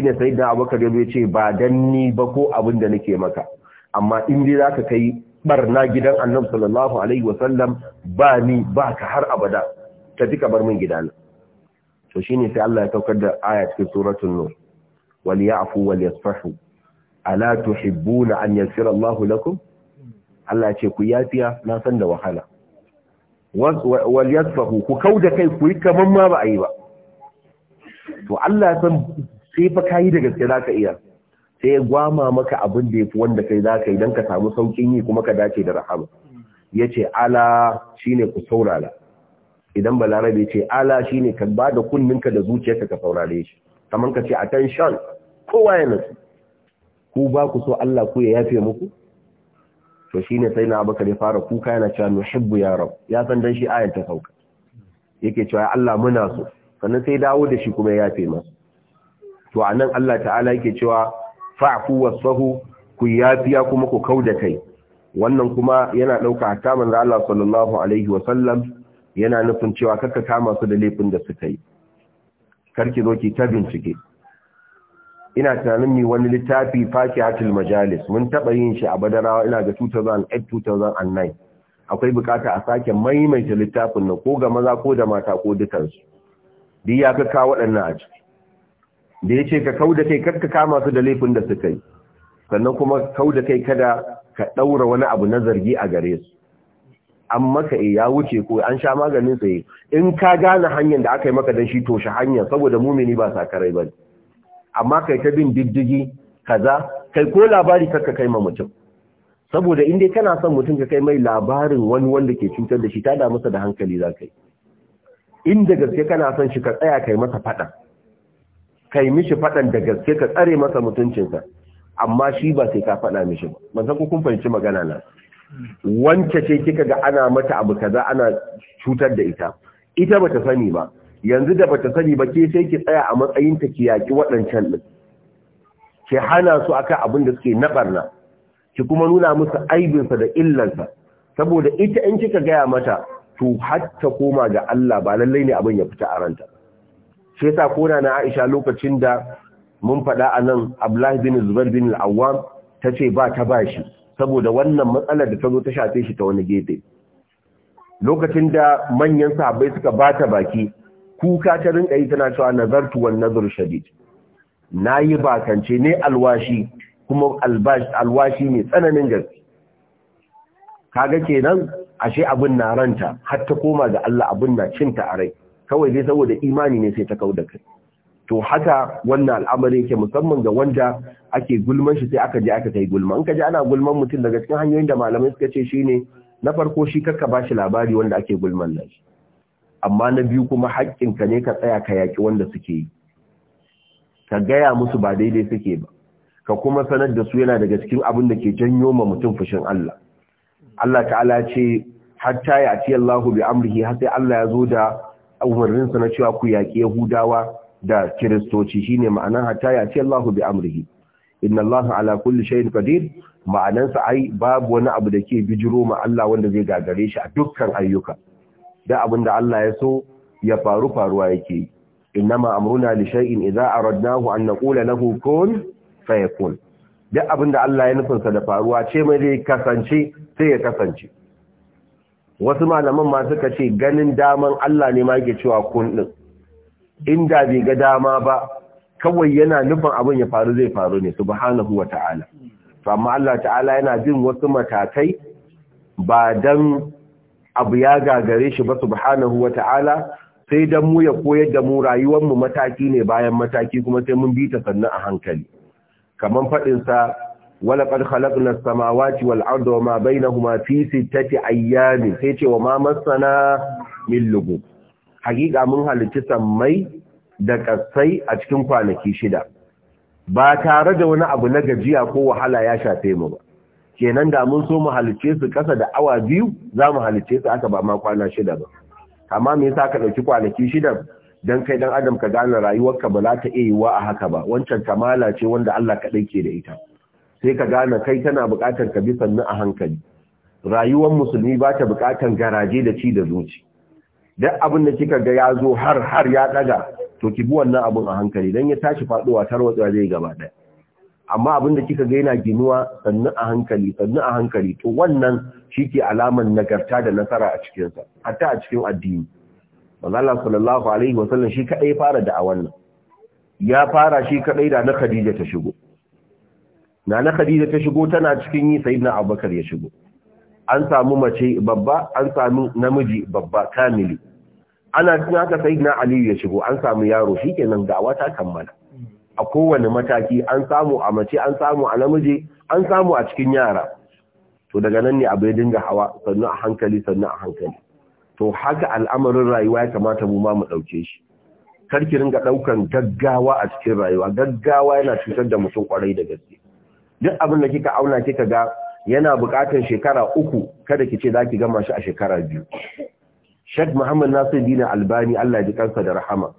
ne sai da abubakar yazo ce ba don ni ba ko abin da nake maka amma in za ka kai barna gidan annabu sallallahu alaihi wasallam ba ni ba ka har abada ta fi bar min gidana to shi ne sai Allah ya taukar da aya cikin suratun nur wal ya'fu wal yasfahu ala tuhibbuna an yaghfira Allah lakum Allah ya ce ku yafiya na san da wahala wal yasfahu ku kauda kai ku yi kaman ma ba a yi ba to Allah ya san sai fa kayi da gaske za ka iya sai ya gwama maka abin da ya fi wanda kai za ka yi don ka samu saukin yi kuma ka dace da rahama ya ce ala shine ku saurara idan balarabe ce ala shine ka ba da kunninka da zuciyarka ka saurare shi kamar ka ce attention kowa ya nasu ku ba ku so Allah ku ya yafe muku to shine sai na abakar ya fara kuka yana cewa nuhibbu ya rab ya san dan shi ayan sauka yake cewa Allah muna so sannan sai dawo da shi kuma ya yafe masu. to anan Allah ta'ala yake cewa fa'fu wasfahu ku yafiya kuma ku kauda kai wannan kuma yana dauka hatta manzo Allah sallallahu alaihi wa sallam yana nufin cewa karka kama su da laifin da suka yi karki zo ki ta bincike ina tunanin ni wani littafi fakihatul majalis mun taba yin shi a badarawa ina ga 2008 2009 akwai bukata a sake maimaita littafin nan ko ga maza ko da mata ko dukansu duk ya ka kawo waɗannan a ciki da ya ce ka kau da kai karka kama su da laifin da suka yi sannan kuma kau da kai kada ka ɗaura wani abu na zargi a gare su an maka e ya wuce ko an sha maganin tsaye eh. in ka gane hanyar da aka yi maka don shi toshe hanyar saboda mumini ba sa karai ba amma kai ta bin diddigi kaza kai ko labari karka kai ma mutum saboda dai kana son mutum ka kai mai labarin wani wanda ke cutar da shi ta da da hankali za ka yi in da gaske kana son shi ka tsaya kai masa faɗa kai mishi faɗan da gaske ka tsare masa mutuncinsa amma shi ba sai ka faɗa mishi ba san ku kun fahimci magana na wance ce kika ga ana mata abu kaza ana cutar da ita ita bata sani ba yanzu da bata sani ba ke sai ki tsaya a matsayin ta ki yaki waɗancan din ki hana su akan abin da suke na barna ki kuma nuna musu aibinsa da illansa saboda ita in kika gaya mata to har ta koma ga Allah ba lallai ne abin ya fita a ranta shi yasa kona na Aisha lokacin da mun faɗa a nan Abdullahi bin Zubair bin Al-Awwam tace ba ta bashi saboda wannan matsalar da ta zo ta shafe shi ta wani gefe lokacin da manyan sahabbai suka bata baki kuka ta rinka yi tana cewa nazartu wan nazar shadid nayi bakance ne alwashi kuma albash alwashi ne tsananin gaske kaga kenan ashe abin na ranta har ta koma ga Allah abun na cinta a rai kawai dai saboda imani ne sai ta kau da kai to haka wannan al'amari yake musamman ga wanda ake gulman shi sai aka je aka kai gulma in ka je ana gulman mutum daga cikin hanyoyin da malamai suka ce shine na farko shi karka ba shi labari wanda ake gulman nan amma na biyu kuma haƙƙin ka ne ka tsaya ka yaƙi wanda suke yi ka gaya musu ba daidai suke ba ka kuma sanar da su yana daga cikin abin da ke janyo ma mutum fushin Allah Allah ta'ala ce hatta ya ci Allahu bi amrihi har sai Allah ya zo da umarninsa na cewa ku yaƙi Yahudawa da Kiristoci shine ma'anar hatta ya ce Allahu bi amrihi inna ala kulli shay'in qadir sa ai babu wani abu da ke bijiro ma Allah wanda zai gagare shi a dukkan ayyuka da abinda Allah ya so ya faru faruwa yake ma amruna li shay'in idza aradnahu an naqula lahu kun fayakun duk abin da Allah ya nufin sa da faruwa ce mai zai kasance sai ya kasance wasu malaman ma suka ce ganin daman Allah ne ma yake cewa kun din inda bai ga dama ba kawai yana nufin abin ya faru zai faru ne subhanahu wata'ala to amma Allah ta'ala yana jin wasu matakai ba dan abu ya gagare shi ba subhanahu ta'ala, sai dan mu ya koyar da mu rayuwar mu mataki ne bayan mataki kuma sai mun bi ta sannan a hankali kaman fadin sa na ولقد خلقنا السماوات والأرض وما بينهما wa ma masana سيتي millugu Hakika mun لغوب sammai da ƙasai a cikin kwanaki shida. ba tare da wani abu na gajiya ko wahala ya shafe mu ba kenan da mun so mu halice su kasa da awa biyu za mu halice su aka ba ma kwana shida ba amma me yasa ka ɗauki kwanaki shida dan kai dan adam ka gane rayuwarka ba za ta iya yiwa a haka ba wancan kamala ce wanda Allah kaɗai ke da ita sai ka gane kai tana bukatar ka bi sannu a hankali rayuwar musulmi ba ta buƙatar garaje da ci da zuci duk abin da kika ga ya zo har har ya ɗaga to ki bi wannan abin a hankali don ya tashi faɗuwa tarwatsa zai gaba ɗaya amma abin da kika ga yana ginuwa sannu a hankali sannu a hankali to wannan shi ke alamar nagarta da nasara a cikinsa hatta a cikin addini Allah sallallahu alaihi wasallam shi kadai fara da a wannan ya fara shi kadai da na Khadija ta shigo nana khadija ta shigo tana cikin yi sayyidina abubakar ya shigo an samu mace babba an samu namiji babba kamili ana cikin haka sayyidina ali ya shigo an samu yaro shikenan ga wata kammala a kowane mataki an samu a mace an samu a namiji an samu a cikin yara to daga nan ne abu ya dinga hawa sannu a hankali sannu a hankali to haka al'amarin rayuwa ya kamata mu ma mu dauke shi karki ringa daukan gaggawa a cikin rayuwa gaggawa yana cutar da mutum kwarai da gaske duk abin da kika auna kika ga yana buƙatar shekara uku kada ki ce za ki gama shi a shekara biyu Sheikh Muhammad Dina Albani Allah ji kansa da rahama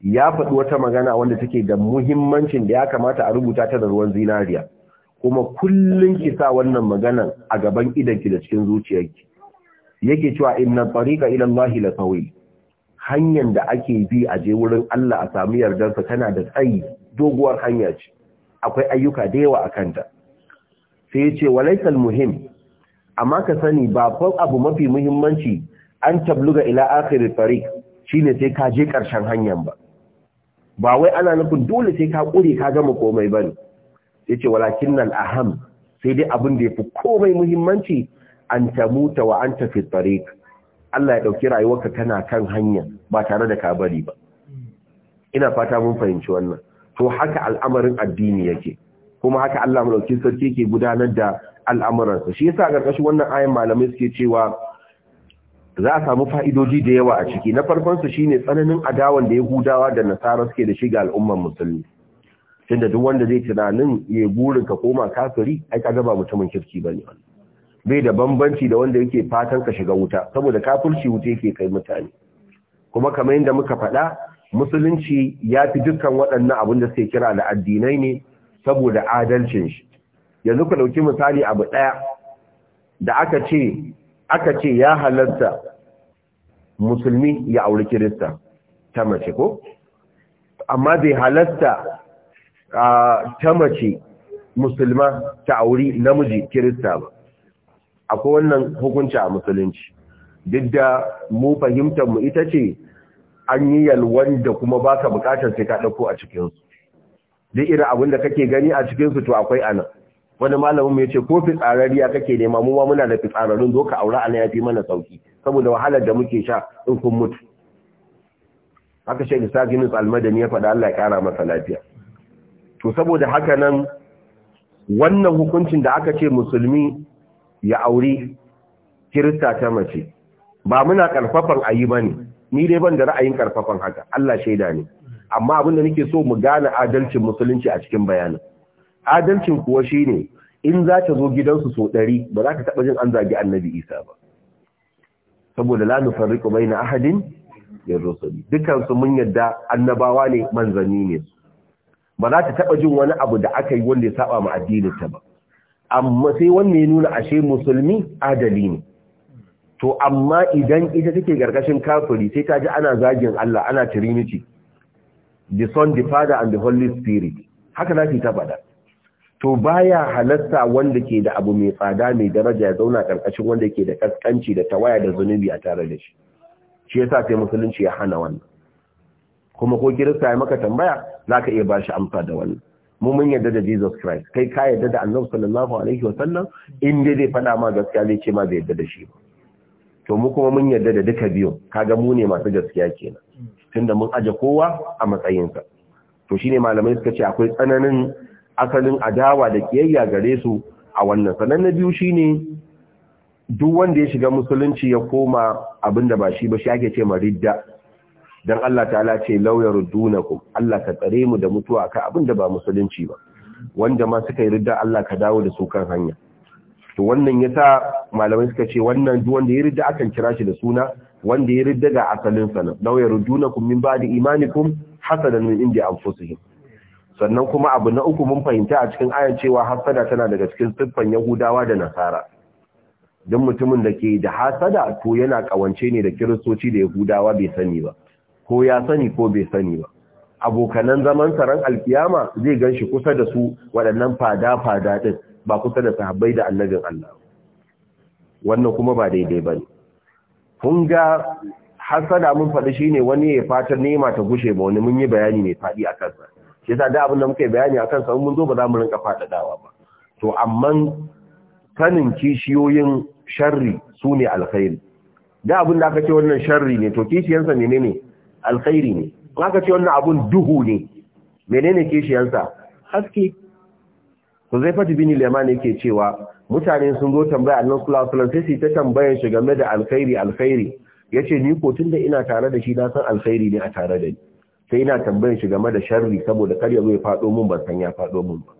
ya faɗi wata magana wanda take da muhimmancin da ya kamata a rubuta ta da ruwan zinariya kuma kullum ki sa wannan maganan a gaban idanki da cikin zuciyarki yake cewa inna tariqa ila Allah la tawil hanyar da ake bi a je wurin Allah a samu yardarsa tana da tsayi doguwar hanya ce akwai ayyuka da yawa a kanta sai ya ce walaisal muhim amma ka sani ba abu mafi muhimmanci an tabluga ila akhir tariq shine sai ka je karshen hanyar ba ba wai ana nufin dole sai ka kure ka gama komai bane sai ce walakinnal aham sai dai abin da yafi komai muhimmanci an tamuta wa anta fi tariq Allah ya dauki rayuwarka kana kan hanya ba tare da ka bari ba ina fata mun fahimci wannan to haka al'amarin addini yake kuma haka Allah mulkin sarki yake gudanar da sa shi yasa karkashin wannan ayin malamai suke cewa za a samu fa'idoji da yawa a ciki na farkon su shine tsananin adawan da Yahudawa da Nasara suke da shi ga al'umman musulmi tunda duk wanda zai tunanin ya burin ka koma kafiri ai ga ba mutumin kirki bane bai da bambanci da wanda yake fatan ka shiga wuta saboda kafirci wuta yake kai mutane kuma kamar yadda muka faɗa musulunci ya fi dukkan waɗannan abin da suke kira da addinai ne saboda adalcin shi yanzu ku ɗauki misali abu ɗaya da aka ce aka ce ya halatta musulmi ya auri kirista ta mace ko amma bai halarta ta mace musulma ta auri namiji kirista ba akwai wannan hukunci a musulunci duk da mu fahimtar mu ita ce an yi yalwan da kuma ba ka bukatar sai ka ɗauko a cikinsu duk irin abin da kake gani a cikinsu to akwai anan wani malamin ya ce ko fitsarariya kake nema mu ma muna da fitsararrun zo ka aura ana fi mana sauki saboda wahalar da muke sha in kun mutu haka shi isa ginus almadani ya faɗa Allah ya ƙara masa lafiya to saboda haka nan wannan hukuncin da aka ce musulmi ya auri kirista ta mace ba muna yi ba ne. ni dai ban da ra'ayin karfafan haka Allah shaida ne amma abin da nake so mu gane adalcin musulunci a cikin bayanin adalcin kuwa shine in za ta zo gidansu so ɗari ba za ka taɓa jin an zagi annabi isa ba saboda la nufarriqu baina ahadin min rusuli dukan su mun yadda annabawa ne manzanni ne ba za ta taɓa jin wani abu da aka yi wanda ya saba ma addinin ta ba amma sai wanne ya nuna ashe musulmi adali ne to amma idan ita take gargashin kafiri sai ta ji ana zagin Allah ana trinity the son the father and the holy spirit haka za ki ta faɗa to baya halatta wanda ke da abu mai tsada mai daraja ya zauna karkashin wanda ke da kaskanci da tawaya da zunubi a tare da shi shi yasa sai musulunci ya hana wannan kuma ko kirista ya maka tambaya zaka iya ba shi amsa da wannan mu mun yarda da Jesus Christ kai ka yarda da Annabi sallallahu alaihi wasallam in dai zai faɗa ma gaskiya zai ce ma bai yarda da shi ba to mu kuma mun yarda da duka biyu kaga mu ne masu gaskiya kenan tunda mun aje kowa a matsayinsa to shine malamai suka ce akwai tsananin asalin adawa da kiyayya gare su a wannan sanan na biyu shine duk wanda ya shiga musulunci ya koma abinda ba shi ba shi ake ce ridda dan Allah ta'ala ce law yardunakum Allah ka tsare mu da mutuwa ka abinda ba musulunci ba wanda ma suka yi ridda Allah ka dawo da su kan hanya to wannan yasa malamai suka ce wannan duk ya ridda akan kira shi da suna wanda ya ridda ga asalin sa na rudduna yarudunakum min ba'di imanikum hasadan min indi anfusihim sannan kuma abu na uku mun fahimta a cikin ayan cewa hasada tana daga cikin siffan yahudawa da nasara Don mutumin da ke da hasada to yana kawance ne da kiristoci da yahudawa bai sani ba ko ya sani ko bai sani ba abokanan zaman saran alkiyama zai ganshi kusa da su waɗannan fada-fada din ba kusa da sahabbai da annabin Allah wannan kuma ba daidai ba ne kun ga hasada mun faɗi shine wani ya fatar nema ta gushe ba wani mun yi bayani mai faɗi a kansa shi yasa da abin da muka yi bayani a kansa mun zo ba za mu rinka faɗaɗawa ba to amma sanin kishiyoyin sharri su ne alkhairi da abin da aka ce wannan sharri ne to kishiyansa menene alkhairi ne aka ce wannan abun duhu ne menene kishiyansa haske Huzaifat bin Yaman yake cewa mutane sun zo tambaya Annabi sallallahu alaihi wasallam sai su ta tambayar shi game da alkhairi alkhairi yace ni ko tunda ina tare da shi na san alkhairi ne a tare da ni sai ina tambayar shi game da sharri saboda kar ya zo ya fado mun ban san ya fado mun ba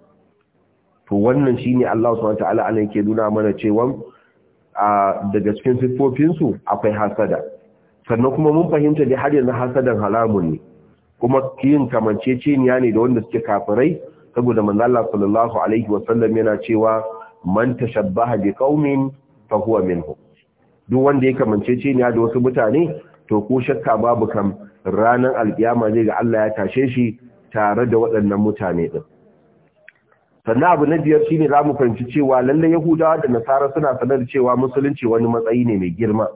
to wannan shine Allah subhanahu wataala ana yake nuna mana cewa daga cikin sifofin su akwai hasada sannan kuma mun fahimta da har yanzu hasadan halamun ne kuma yin kamanceceniya ne da wanda suke kafirai saboda manzo Allah sallallahu alaihi wasallam yana cewa man tashabbaha bi qaumin fa huwa minhum duk wanda ya kamance ne da wasu mutane to ko shakka babu kam ranar alkiyama zai ga Allah ya tashe shi tare da waɗannan mutane din sannan abu na biyar shine za fahimci cewa lalle yahudawa da nasara suna sanar cewa musulunci wani matsayi ne mai girma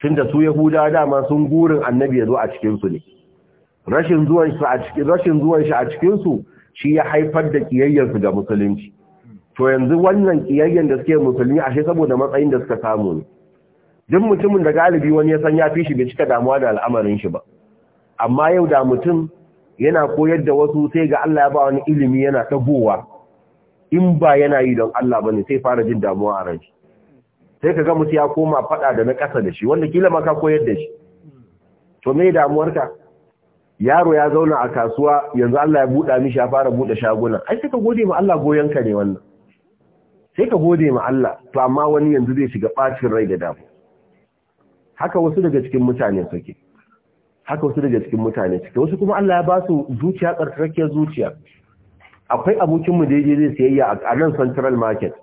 tunda su yahudawa dama sun gurin annabi ya zo a cikin su ne rashin zuwan shi a cikin rashin zuwan shi a cikin su shi ya haifar da kiyayyarsu ga musulunci to yanzu wannan kiyayyar da suke musulmi ashe saboda matsayin da suka samu ne duk mutumin da galibi wani ya san ya fi shi bai cika damuwa da al'amarin shi ba amma yau da mutum yana koyar da wasu sai ga Allah ya ba wani ilimi yana tagowa in ba yana yi don Allah ba ne sai fara jin damuwa a ran sai ka ga mutu ya koma faɗa da na ƙasa da shi wanda kila ma ka koyar da shi to me damuwarka yaro ya zauna a kasuwa yanzu Allah ya buɗa mishi ya fara buɗe shaguna ai sai ka gode ma Allah goyen ka ne wannan sai ka gode ma Allah to amma wani yanzu zai shiga bacin rai da damu haka wasu daga cikin mutane suke haka wasu daga cikin mutane suke wasu kuma Allah ya ba su zuciya tsarkakiyar zuciya akwai abokin mu daidai zai sayayya a nan central market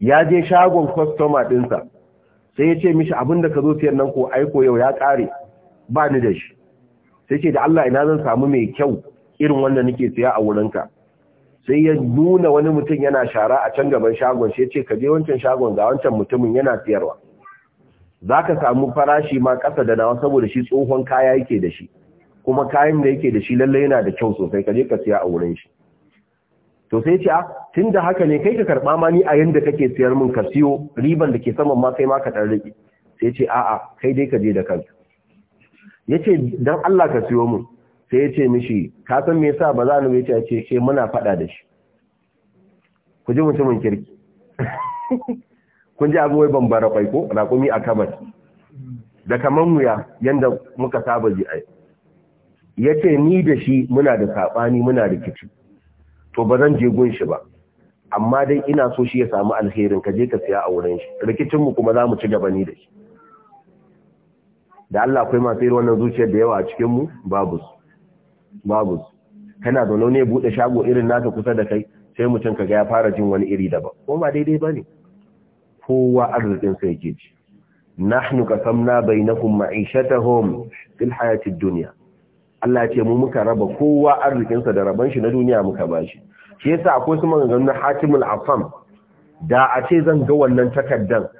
ya je shagon customer dinsa sai ya ce mishi abinda ka zo siyar nan ko aiko yau ya kare ba ni da shi sai ce da Allah ina zan samu mai kyau irin wanda nake siya a wurinka sai ya nuna wani mutum yana shara a can gaban shagon sai ce ka je wancan shagon ga wancan mutumin yana siyarwa za ka samu farashi ma ƙasa da nawa saboda shi tsohon kaya yake da shi kuma kayan da yake da shi lallai yana da kyau sosai ka je ka siya a wurin shi to sai ce tun da haka ne kai ka karɓa ma ni a yanda kake siyar min ka siyo riban da ke saman ma kai ma ka ɗan riƙe sai ce a'a kai dai ka je da kanka yace dan Allah ka siyo mu sai yace mishi ka san me yasa ba za ni yace a ce muna fada da shi ku ji mutumin kirki kun ji abu wai bambara kwai ko raƙumi a kamar da kaman wuya yanda muka saba ji ai yace ni da shi muna da saɓani muna da kici to ba zan je gun shi ba amma dai ina so shi ya samu alherin ka je ka siya a wurin shi rikicin mu kuma za mu ci gaba ni da shi da Allah akwai masu irin wannan zuciyar da yawa a cikin mu babu babu kana zaune ne bude shago irin naka kusa da kai sai mutum kaga ya fara jin wani iri daban ko ba daidai bane kowa arzikin sai yake ci nahnu qasamna bainakum ma'ishatahum fil hayatid dunya Allah ce mu muka raba kowa arzikinsa da raban shi na duniya muka bashi shi yasa akwai su maganganun Hatimul Afam da a ce zan ga wannan takardar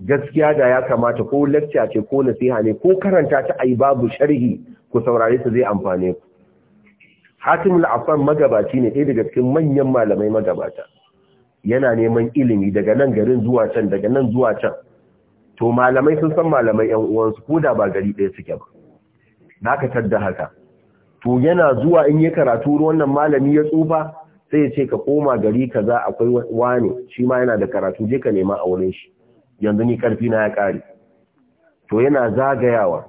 gaskiya da ya kamata ko lacca ce ko nasiha ne ko karanta ta ai babu sharhi ku saurare su zai amfane ku Hatimul afan magabaci ne ɗaya daga cikin manyan malamai magabata yana neman ilimi daga nan garin zuwa can daga nan zuwa can to malamai sun san malamai yan uwansu ko da ba gari ɗaya suke ba Na ka tadda haka to yana zuwa in ya karatu wannan malami ya tsufa sai ya ce ka koma gari kaza akwai wani shi ma yana da karatu je ka nema a wurin shi yanzu ni karfi na ya kare to yana zagayawa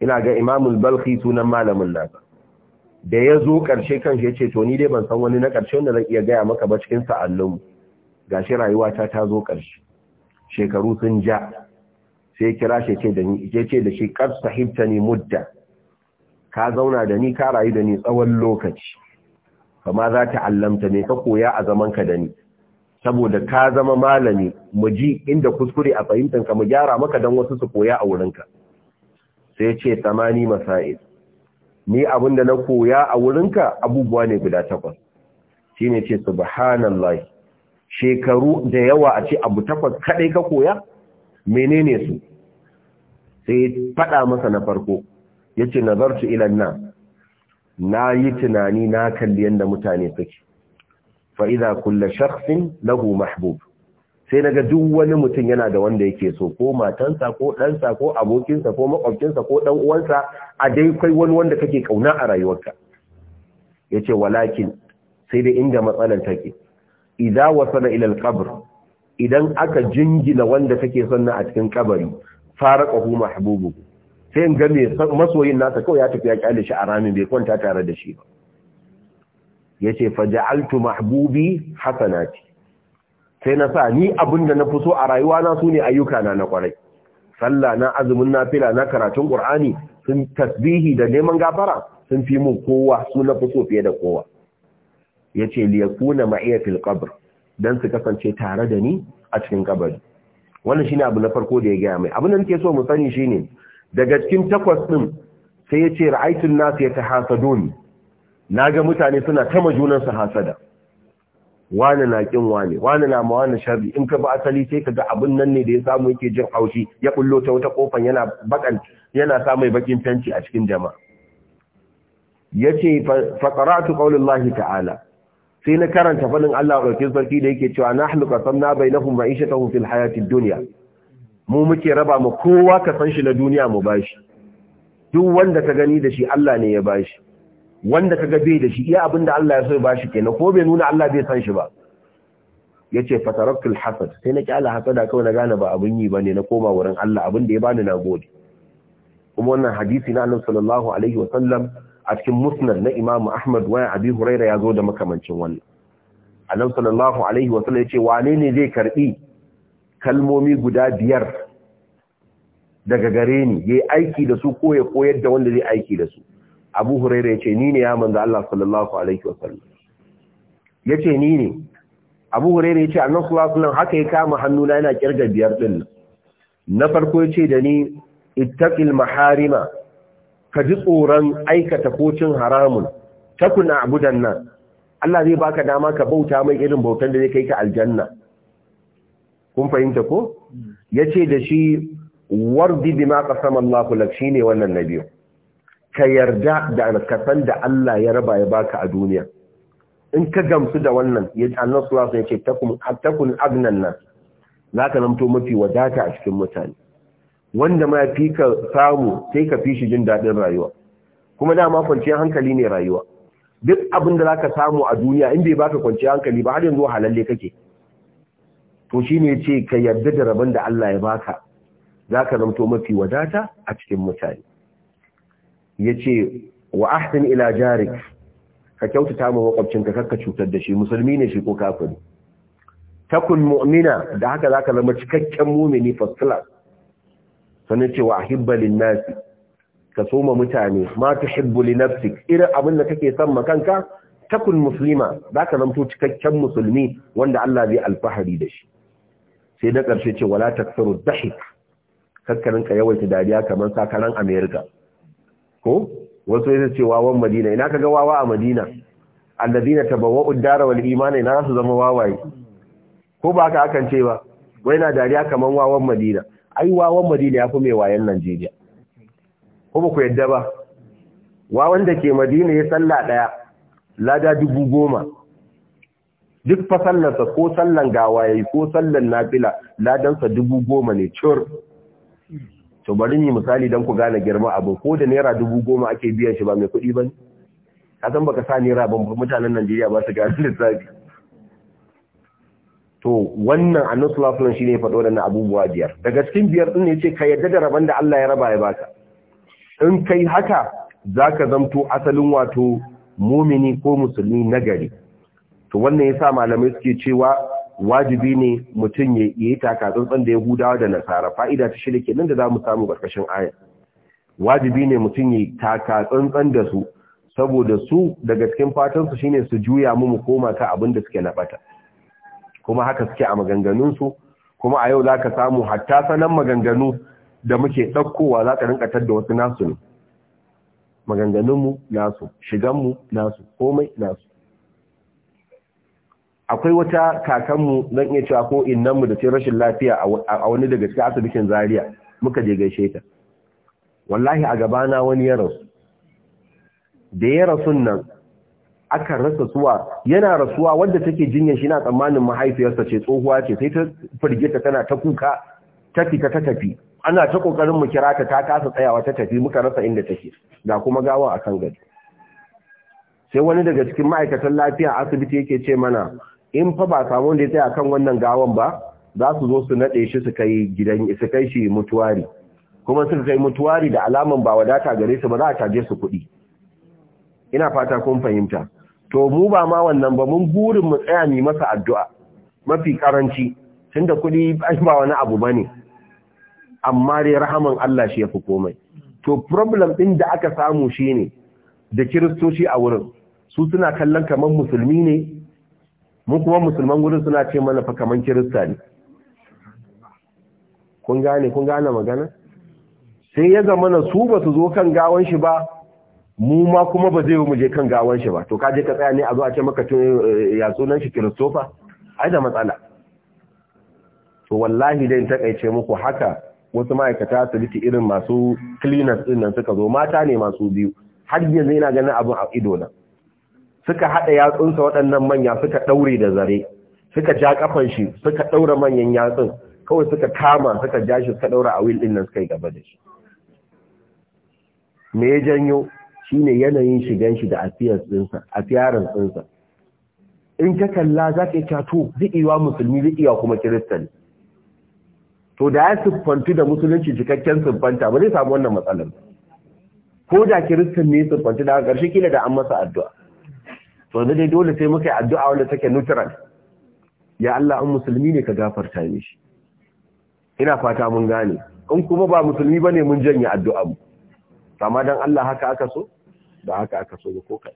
ina ga imamul balki sunan malamin nasa da ya zo ƙarshe kan ya ce to ni dai ban san wani na ƙarshe wanda zan iya gaya maka ba cikin sa'allonmu ga shi rayuwata ta zo ƙarshe shekaru sun ja sai kira shi ce da ni ya ce da shi kar sahibta ni mudda ka zauna da ni ka rayu da ni tsawon lokaci kama za ta allamta me ka koya a zaman ka da ni saboda ka zama malami mu ji inda kuskure a fahimtar ka mu gyara maka don wasu su koya a wurinka sai ce tsamani masa'id ni da na koya a wurinka abubuwa ne guda takwas shine ce subhanallah shekaru da yawa a ce abu takwas kaɗai ka koya menene su sai fada masa na farko yace nazartu ila na na yi tunani na kalli yanda mutane suke fa kulle shaksin shakhsin lahu mahbub sai na ga duk wani mutum yana da wanda yake so ko matansa ko ɗansa ko abokinsa ko makwabcinsa ko dan uwansa a dai kai wani wanda kake kauna a rayuwarka yace walakin sai dai inda matsalar take idza wasala ilal alqabr idan aka jingina wanda kake son na a cikin kabari fara ƙahu mahbubu sai in ga masoyin nasa kawai ya tafi ya kyale shi a ramin bai kwanta tare da shi ba yace faja'altu mahbubi hasanati sai na sa ni abinda na fi so a rayuwa na sune ayyuka na na kwarai sallah na azumin nafila na karatun qur'ani sun tasbihi da neman gafara sun fi mu kowa su na fi fiye da kowa yace li yakuna ma'iya fil qabr dan su kasance tare da ni a cikin kabari wannan shine abu na farko da ya gaya mai abin da nake so mu sani shine daga cikin takwas ɗin, sai yace ra'aytun nas doni. na ga mutane suna tama junansu hasada wani na kin wani wani na ma wani sharri in ka ba asali sai ka ga abin nan ne da ya samu yake jin haushi ya kullo ta wata kofan yana bakan yana sa mai bakin fenti a cikin jama'a yace fa qara'tu qaulullahi ta'ala sai na karanta fadin Allah ɗauke sarki da yake cewa nahnu qasamna bainahum ma'ishatahum fil hayati dunya mu muke raba mu kowa ka san shi na duniya mu bashi duk wanda ka gani da shi Allah ne ya bashi wanda kaga bai da shi iya abinda Allah ya so ba shi kenan ko bai nuna Allah bai san shi ba yace fatarakul hasad sai na kyala hasada kawai na gane ba abin yi bane na koma wurin Allah abin da ya bani na gode kuma wannan hadisi na Annabi sallallahu alaihi wa sallam a cikin musnad na Imam Ahmad wa Abi Hurairah ya zo da makamancin wannan Annabi sallallahu alaihi wa sallam yace wane ne zai karbi kalmomi guda biyar daga gare ni yayi aiki da su ko ya koyar da wanda zai aiki da su abu huraira ya ce ni ne ya manzo Allah sallallahu alaihi wasallam ya ce ni ne abu huraira ya ce annan sulasulan haka ya kama hannuna yana kirga biyar din na farko ya ce da ni ittaqil maharima ka ji tsoron aikata kocin haramun takuna abudan nan Allah zai baka dama ka bauta mai irin bautan da zai kai ka aljanna kun fahimta ko hmm. yace da shi wardi bima qasama Allahu lak shine wannan biyu. ka yarda da alkatan da Allah ya raba ya baka a duniya in ka gamsu da wannan ya ji sallallahu ya ce takun agnan agnan za ka namto mafi wadata a cikin mutane wanda ma fi ka samu sai ka fi shi jin daɗin rayuwa kuma dama kwanciyar hankali ne rayuwa duk abin da za ka samu a duniya in bai baka kwanciyar hankali ba har yanzu halalle kake to shi ne ce ka yarda da rabon da Allah ya baka za ka namto mafi wadata a cikin mutane Ya ce, wa ahsin ila jarik ka kyautata ma makwabcinka kakka cutar da shi musulmi ne shi ko kafiri takun mu'mina da haka zaka zama cikakken mu'mini first class sannan ce wa ahibba lin nasi ka soma mutane ma tuhibbu li nafsik irin abin da kake son kanka? takun muslima zaka zama cikakken musulmi wanda Allah zai alfahari da shi sai na karshe ce wala taksaru dahik kakkarin ka yawaita dariya kamar sakaran America ko wasu yasa ce wawan madina ina ka ga wawa a madina alladina ta ad wal imani na su zama wawaye ko ba ka akan ce ba wai na dariya kaman wawan madina ai wawan madina yafi mai wayan Najeriya ko ba ku yadda ba wawan da ke madina ya salla daya lada dubu goma duk fa sallarsa ko sallan gawaye ko sallan nafila ladansa dubu goma ne cur to bari ni misali dan ku gane girma abu ko da naira dubu goma ake biyan shi ba mai kuɗi ba ne san baka sa naira ban mutanen najeriya ba su gane lissafi to wannan annabi shine faɗo da na abubuwa biyar daga cikin biyar din ne ce ka yadda da rabon da Allah ya raba ya baka in kai haka zaka zamto asalin wato mumini ko musulmi nagari to wannan yasa malamai suke cewa wajibi ne mutum ya yi tsantsan da yahudawa da nasara fa'ida ta shirya nan da za mu samu ƙarƙashin aya wajibi ne mutum ya yi takatsantsan da su saboda su daga cikin fatansu shine su juya mu mu koma ta abin da suke naɓata kuma haka suke a maganganunsu kuma a yau za ka samu hatta sanan maganganu da muke ɗaukowa za ka rinka tadda wasu nasu ne maganganunmu nasu shiganmu nasu komai nasu akwai wata kakanmu zan iya cewa ko innanmu da ce rashin lafiya a wani daga cikin asibitin Zaria muka je gaishe ta wallahi a gabana wani ya rasu da ya rasu nan aka rasa suwa yana rasuwa wadda take jinyar shi na tsammanin mahaifiyarsa ce tsohuwa ce sai ta firgita tana ta kuka ta fita ta tafi ana ta kokarin mu kira ta ta kasa tsayawa ta tafi muka rasa inda take ga kuma gawa akan gari. sai wani daga cikin ma'aikatan lafiya asibiti yake ce mana in fa ba samu da ya tsaya kan wannan gawan ba za su zo su nade shi su kai gidan su kai shi mutuwari kuma suka kai mutuwari da alaman ba wadata gare su ba za a caje su kuɗi ina fata kun fahimta to mu ba ma wannan ba mun burin mu tsaya mi masa addu'a mafi karanci tunda kuɗi ba wani abu bane amma dai rahaman Allah shi yafi komai to problem din da aka samu shine da kiristoci a wurin su suna kallon kamar musulmi ne mu kuma musulman gudun suna ce mana fa kaman kirista ne kun gane kun gane magana sai ya zama na su ba su zo kan gawan shi ba mu ma kuma ba zai mu je kan gawan shi ba to ka je ka tsaya ne a zo a ce maka eh, ya sunan shi kiristofa ai da matsala to wallahi dai takaice muku haka wasu ma'aikata su asibiti irin masu cleaners din nan suka zo mata ne masu biyu har yanzu ina ganin abin a ido na suka haɗa yatsunsa waɗannan manya suka ɗaure da zare suka ja kafan shi suka ɗaura manyan yatsun kawai suka kama suka ja shi suka ɗaura a wil ɗin nan suka yi gaba da shi me ya janyo shine yanayin shigan shi da afiyar tsinsa afiyarin tsinsa in ka kalla za ka yi cato zikiwa musulmi zikiwa kuma kiristan to da ya siffantu da musulunci cikakken siffanta ba zai samu wannan matsalar ko da kiristan ne siffantu da ƙarshe kila da an masa addu'a to da dai dole sai muka yi addu'a wanda take neutral ya Allah an musulmi ne ka gafarta mishi ina fata mun gane in kuma ba musulmi bane mun janye addu'a mu amma dan Allah haka aka so ba haka aka so ba ko kai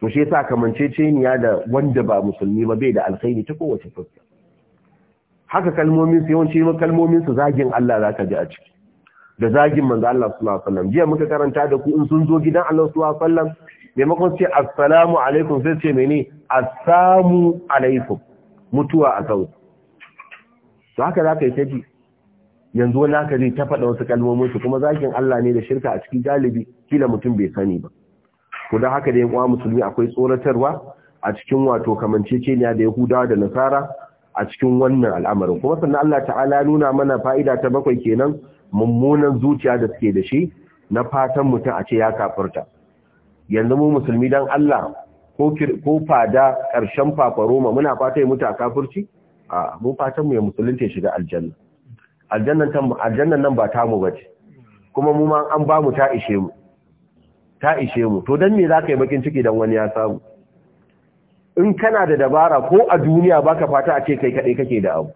to shi yasa ya da wanda ba musulmi ba bai da alkhairi ta kowace fuska haka kalmomin su yawanci kalmomin su zagin Allah zaka ji a ciki da zagin manzo Allah sallallahu alaihi wasallam jiya muka karanta da ku in sun zo gidan Allah sallallahu alaihi wasallam maimakon ce assalamu alaikum sai ce mene assalamu alaikum mutuwa a sauti to haka za ka yi ta yanzu wani haka zai ta faɗa wasu kalmomin su kuma zakin Allah ne da shirka a cikin galibi kila mutum bai sani ba ko da haka da yan uwa musulmi akwai tsoratarwa a cikin wato kamanceceniya da Yahudawa da Nasara a cikin wannan al'amarin kuma sannan Allah ta'ala nuna mana fa'ida ta bakwai kenan mummunan zuciya da suke da shi na fatan mutum a ce ya kafarta. yanzu mu musulmi dan Allah ko ko fada karshen fafaroma muna fata ya mutu a kafirci a mu fatan mu ya musulunta ya shiga aljanna aljannan nan ba ta mu bace kuma mu ma an ba mu ta ishe mu ta ishe mu to dan me zaka yi bakin ciki dan wani ya samu in kana da dabara ko a duniya baka fata a ce kai kadai kake da abu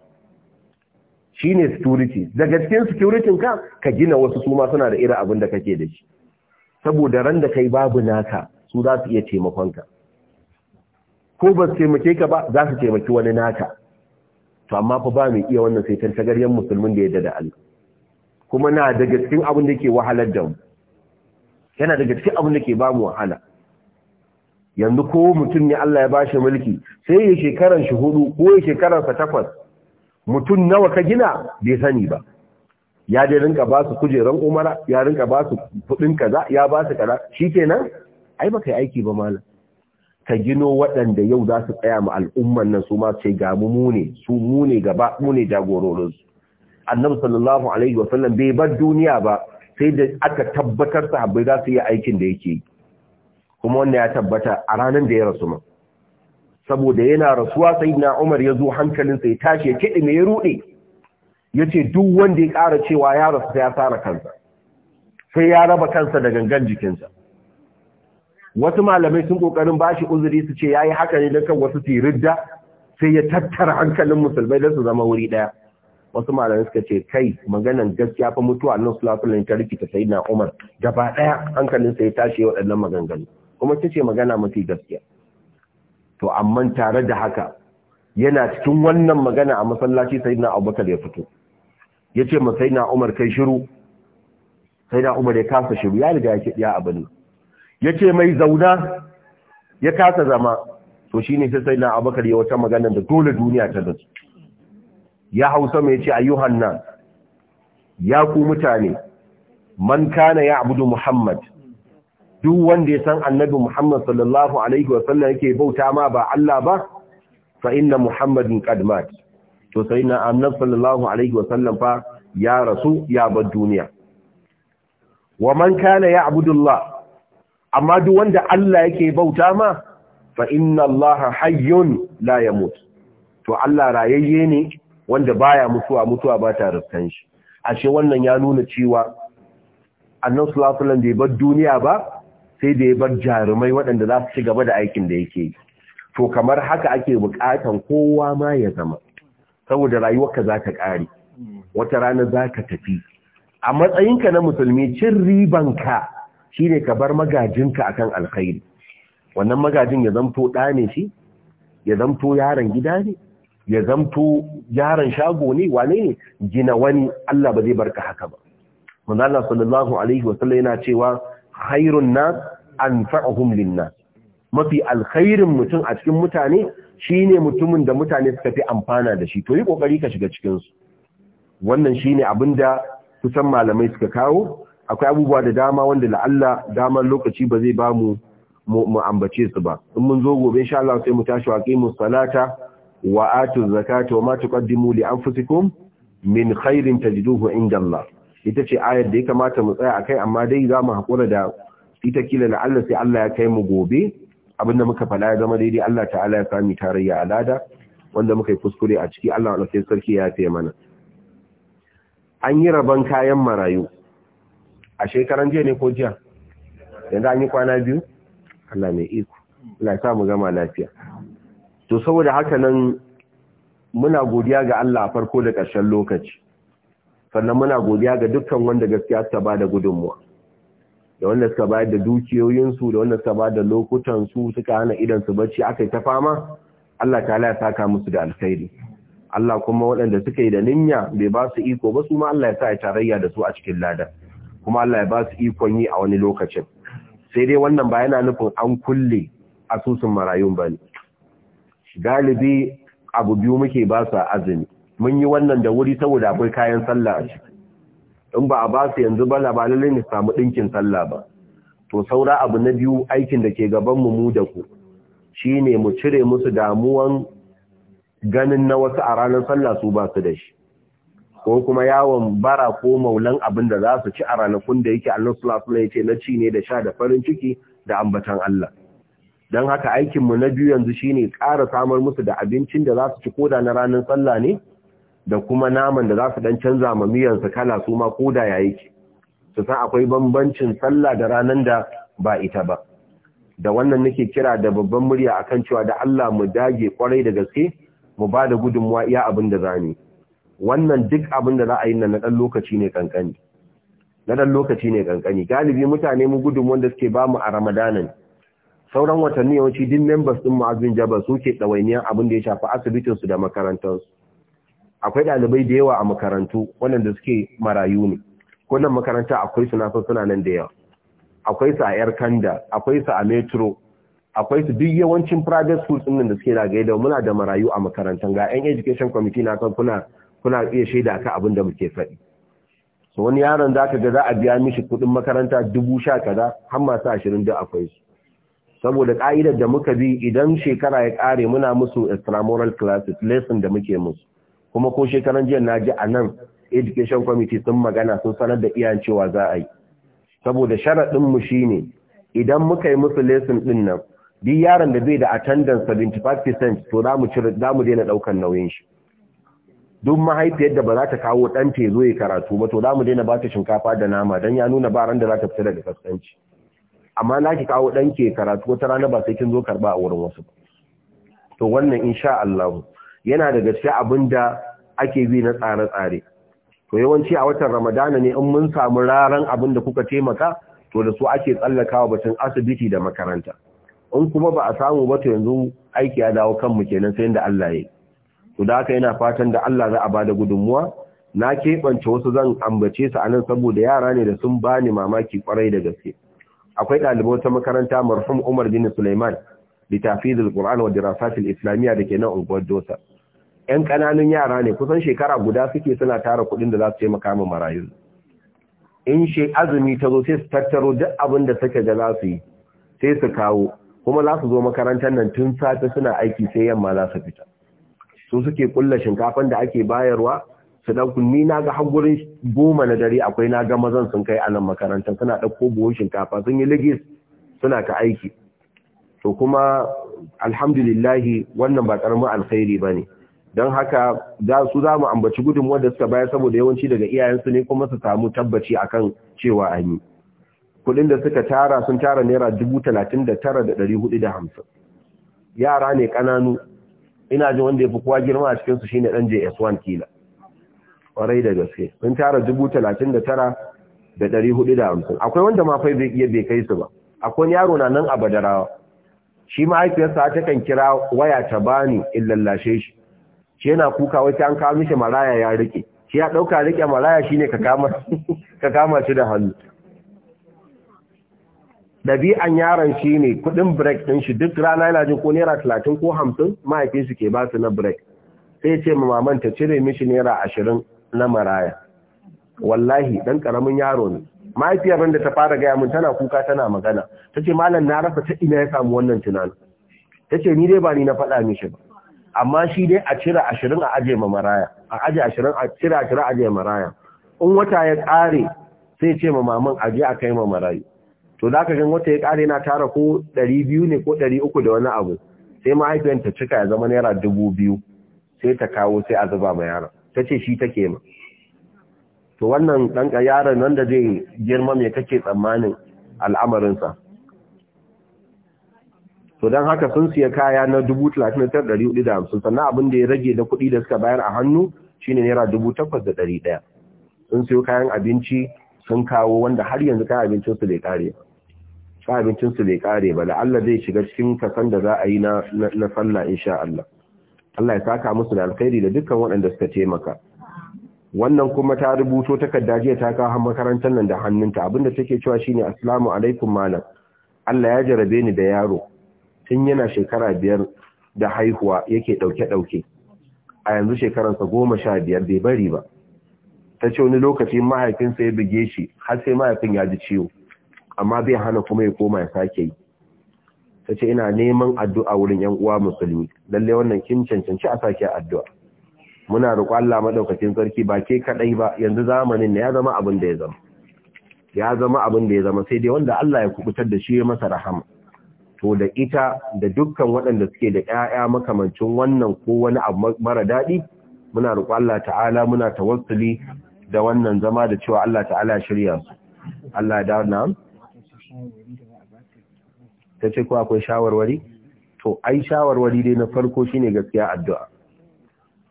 Shi ne security daga cikin security ka ka gina wasu su ma suna da irin abin da kake da shi saboda ran da kai babu naka su za su iya taimakon ka ko ba su taimake ka ba za su taimaki wani naka to amma fa ba mai iya wannan sai yan musulmin da ya da Allah kuma na daga cikin abin da ke wahalar da mu yana daga cikin abin da ke ba mu wahala yanzu ko mutum ne Allah ya bashi mulki sai ya shekaran shi hudu ko ya shekaran sa takwas mutum nawa ka gina bai sani ba ya dai rinka ba su kujeran umara ya rinka ba su kudin kaza ya ba su kaza shikenan ai baka yi aiki ba malam ka gino waɗanda yau za su tsaya ma al'umman nan su ma ce ga mu mu ne su mu ne gaba mu ne jagororin su annabi sallallahu alaihi wa sallam bai bar duniya ba sai da aka tabbatar sahabbai za su yi aikin da yake kuma wanda ya tabbata a ranar da ya rasu ma saboda yana rasuwa sai na Umar ya zo hankalinsa ya tashi ya kidi mai ya rude yace duk wanda ya ƙara cewa ya rasu ya tsara kansa sai ya raba kansa da gangan jikinsa wasu malamai sun kokarin bashi uzuri su ce ya yi haka ne dan kan wasu ridda, sai ya tattara hankalin musulmai don su zama wuri daya wasu malamai suka ce kai maganan gaskiya fa mutuwa nan sulafulin ta rikita sai na umar gaba daya hankalinsa ya tashi waɗannan maganganu kuma ta ce magana mafi gaskiya to amma tare da haka yana cikin wannan magana a masallaci sai na abubakar ya fito ya ce ma sai na umar kai shiru sai umar ya kasa shiru ya riga ya kiɗiya abin nan ya ce mai zauna ya kasa zama to shi ne sai na abubakar ya wata magana da dole duniya ta nasu ya hausa mai ce ayyuhan nan ya ku mutane man kana ya abudu muhammad duk wanda ya san annabi Muhammad sallallahu alaihi wasallam yake bauta ma ba Allah ba fa inna Muhammadin qad mat to sai na annabi sallallahu alaihi wasallam fa ya rasu ya bar duniya wa man kana ya'budu Allah amma duk wanda Allah yake bauta ma fa inna Allah hayyun la yamut to Allah rayayye ne wanda baya mutuwa mutuwa ba ta rufkan shi ashe wannan ya nuna cewa annabi sallallahu alaihi wasallam bai bar duniya ba sai da ya bar jarumai waɗanda za su ci gaba da aikin da yake yi to kamar haka ake bukatan kowa ma ya zama saboda rayuwarka za ta ƙare wata rana za ka tafi a matsayinka na musulmi cin ribanka shine ka bar magajinka akan alkhairi wannan magajin ya zamto ɗa ne shi ya zamto yaron gida ne ya zamto yaron shago ne wane ne gina wani Allah ba zai barka haka ba manzo sallallahu alaihi wa yana cewa khairun nas anfa'uhum linnas mafi alkhairin mutum a cikin mutane shine mutumin da mutane suka fi amfana da shi to yi kokari ka shiga cikin su wannan shine abinda kusan malamai suka kawo akwai abubuwa da dama wanda la'alla damar lokaci ba zai bamu mu ambace su ba in mun zo gobe insha Allah sai mu tashi wa qimu salata wa atu zakata wa ma tuqaddimu li anfusikum min khairin tajiduhu inda Allah ita ce ayar da ya kamata mu tsaya a kai, amma dai za mu haƙura da ita kila na Allah sai Allah ya kai mu gobe abinda muka faɗa ya zama daidai Allah ta'ala ya sami tarayya alada wanda muka yi kuskure a ciki Allah wanda sai sarki ya fiye mana an yi rabon kayan marayu a shekaran jiya ne ko jiya yanzu an yi kwana biyu Allah mai iko Allah ya mu gama lafiya to saboda haka nan muna godiya ga Allah a farko da ƙarshen lokaci sannan muna godiya ga dukkan wanda gaskiya suka ba da gudunmuwa da wanda suka bayar da dukiyoyinsu da wanda suka ba da lokutansu suka hana su bacci aka yi ta fama Allah ta ya saka musu da alkhairi Allah kuma waɗanda suka yi da ninya bai ba su iko ba su ma Allah ya sa ya tarayya da su a cikin lada kuma Allah ya ba su ikon yi a wani lokacin sai dai wannan ba yana nufin an kulle asusun marayun ba ne galibi abu biyu muke ba su azumi mun yi wannan da wuri saboda akwai kayan sallah a ciki in ba a ba su yanzu ba na ba lallai ne samu ɗinkin sallah ba to saura abu na biyu aikin da ke gaban mu mu da ku shine mu cire musu damuwan ganin na wasu a ranar sallah su ba su da shi ko kuma yawon bara ko maulan abin da za su ci a ranakun da yake Allah sallallahu alaihi ce na ci ne da sha da farin ciki da ambatan Allah dan haka aikin mu na biyu yanzu shine ƙara samar musu da abincin da za su ci koda na ranar sallah ne da kuma naman da za su dan canza ma su kala su ma koda ya yake su san akwai bambancin sallah da ranar da ba ita ba da wannan nake kira da babban murya akan cewa da Allah mu dage kwarai da gaske mu ba da gudunmuwa iya abin da za ni wannan duk abin da za a yi na dan lokaci ne kankani na dan lokaci ne kankani galibi mutane mu gudunmuwan da suke ba mu a ramadanan sauran watanni yawanci duk members ɗin mu a jaba suke dawainiyan abin da ya shafi asibitinsu da makarantarsu akwai ɗalibai da yawa a makarantu waɗanda suke marayu ne nan makaranta akwai su nasu suna nan da yawa akwai su a yar kanda akwai su a metro akwai su duk yawancin private schools din da suke zagaye da muna da marayu a makarantun ga yan education committee na kan kuna kuna iya shaida ka abin da muke faɗi so wani yaron zaka ga za a biya mishi kuɗin makaranta dubu sha kaza har masu ashirin da akwai su saboda ka'idar da muka bi idan shekara ya ƙare muna musu extramural classes lesson da muke musu kuma ko shekaran jiya na ji a nan education committee sun magana sun sanar da iyayen cewa za a yi saboda sharaɗin mu shine idan muka yi musu lesson ɗin nan duk yaron da zai da attendance 75% to za mu za mu daina daukar nauyin shi duk mahaifiyar da ba za ta kawo ɗan ta zo ya karatu ba to za mu daina ba ta shinkafa da nama don ya nuna ba ran da za ta fita daga kaskanci amma na ki kawo ɗan ke karatu wata rana ba sai kin zo karba a wurin wasu to wannan insha Allah yana da gaske abin da ake bi na tsare-tsare to yawanci a watan ramadana ne in mun samu raran abin da kuka taimaka to da su ake tsallakawa batun asibiti da makaranta in kuma ba a samu ba to yanzu aiki ya dawo kanmu kenan sai da Allah ya to da haka yana fatan da Allah za a ba da gudunmuwa na keɓance wasu zan ambace su anan saboda yara ne da sun bani mamaki kwarai da gaske akwai ɗalibai ta makaranta marhum Umar bin Sulaiman da Qur'an wa dirasatil Islamiyya da ke nan unguwar Dosa ‘yan ƙananun yara ne kusan shekara guda suke suna tara kuɗin da za su taimaka ma marayu in shi azumi ta zo sai su tattaro duk abin da suka ga za su yi sai su kawo kuma za su zo makarantar nan tun safe suna aiki sai yamma za su fita su suke kulla shinkafan da ake bayarwa su ɗauku ni na ga hagurin goma na dare akwai na ga mazan sun kai anan makarantar suna ɗauko buhun shinkafa sun yi ligis suna ka aiki to kuma alhamdulillahi wannan ba ƙaramin alkhairi ba ne don haka za su za mu ambaci gudunmuwar da suka bayar saboda yawanci daga iyayensu ne kuma su samu tabbaci akan cewa an yi kudin da suka tara sun tara naira dubu talatin da tara da ɗari da hamsin yara ne ƙananu ina ji wanda ya fi kuwa girma a cikinsu shine ɗan js1 kila Kwarai da gaske sun tara dubu talatin da tara da ɗari da hamsin akwai wanda ma fai zai iya bai kai su ba akwai yaro na nan a badarawa shi mahaifiyarsa ta kan kira waya ta bani in lallashe shi shi yana kuka wai an kawo mishi maraya ya rike shi ya dauka rike maraya shine ka kama ka kama shi da hannu dabi'an yaron shi ne kudin break din shi duk rana yana jin ko naira 30 ko 50 mahaifin su ke ba su na break sai ce ma maman ta cire mishi naira 20 na maraya wallahi dan karamin yaro ne mahaifiyar da ta fara gaya mun tana kuka tana magana tace malam na rasa ta ina ya samu wannan tunanin tace ni dai ba ni na faɗa mishi ba amma shi dai a cire ashirin a aje ma maraya a aje ashirin a cire ashirin a ma maraya in wata ya ƙare sai ce ma maman aje a kai ma marayu to da ka wata ya ƙare na tara ko ɗari biyu ne ko ɗari uku da wani abu sai mahaifiyar ta cika ya zama naira dubu biyu sai ta kawo sai a zuba ma yaron ta ce shi take ma to wannan ɗan yaron wanda zai girma mai kake tsammanin al'amarinsa to don haka sun siya kaya na 39,450 sannan abin da ya rage na kuɗi da suka bayar a hannu shine naira ɗaya, sun siyo kayan abinci sun kawo wanda har yanzu kayan su bai kare ba su bai kare ba la'alla zai shiga cikin kasan da za a yi na sallah insha Allah Allah ya saka musu da alkhairi da dukkan waɗanda suka taimaka wannan kuma ta rubuto takarda jiya ta kawo makarantar nan da hannunta abinda take cewa shine assalamu alaikum malam Allah ya jarabe ni da yaro tun yana shekara biyar da haihuwa yake ɗauke-ɗauke a yanzu shekaransa goma sha biyar bai bari ba ta ce wani lokaci mahaifinsa ya buge shi har sai mahaifin ya ji ciwo amma bai hana kuma ya koma ya sake yi ta ce ina neman addu'a wurin ‘yan uwa musulmi lalle wannan kin cancanci a sake addu'a muna roƙo Allah maɗaukacin sarki ba ke kaɗai ba yanzu zamanin ya zama abin da ya zama ya zama abin da ya zama sai dai wanda Allah ya kubutar da shi ya masa rahama to da ita da dukkan waɗanda suke da ƴaƴa makamancin wannan ko wani abu mara daɗi muna roƙon Allah ta'ala muna tawassuli da wannan zama da cewa Allah ta'ala shirya su Allah dawo nan ta ce ko akwai shawarwari to ai shawarwari dai na farko shine gaskiya addu'a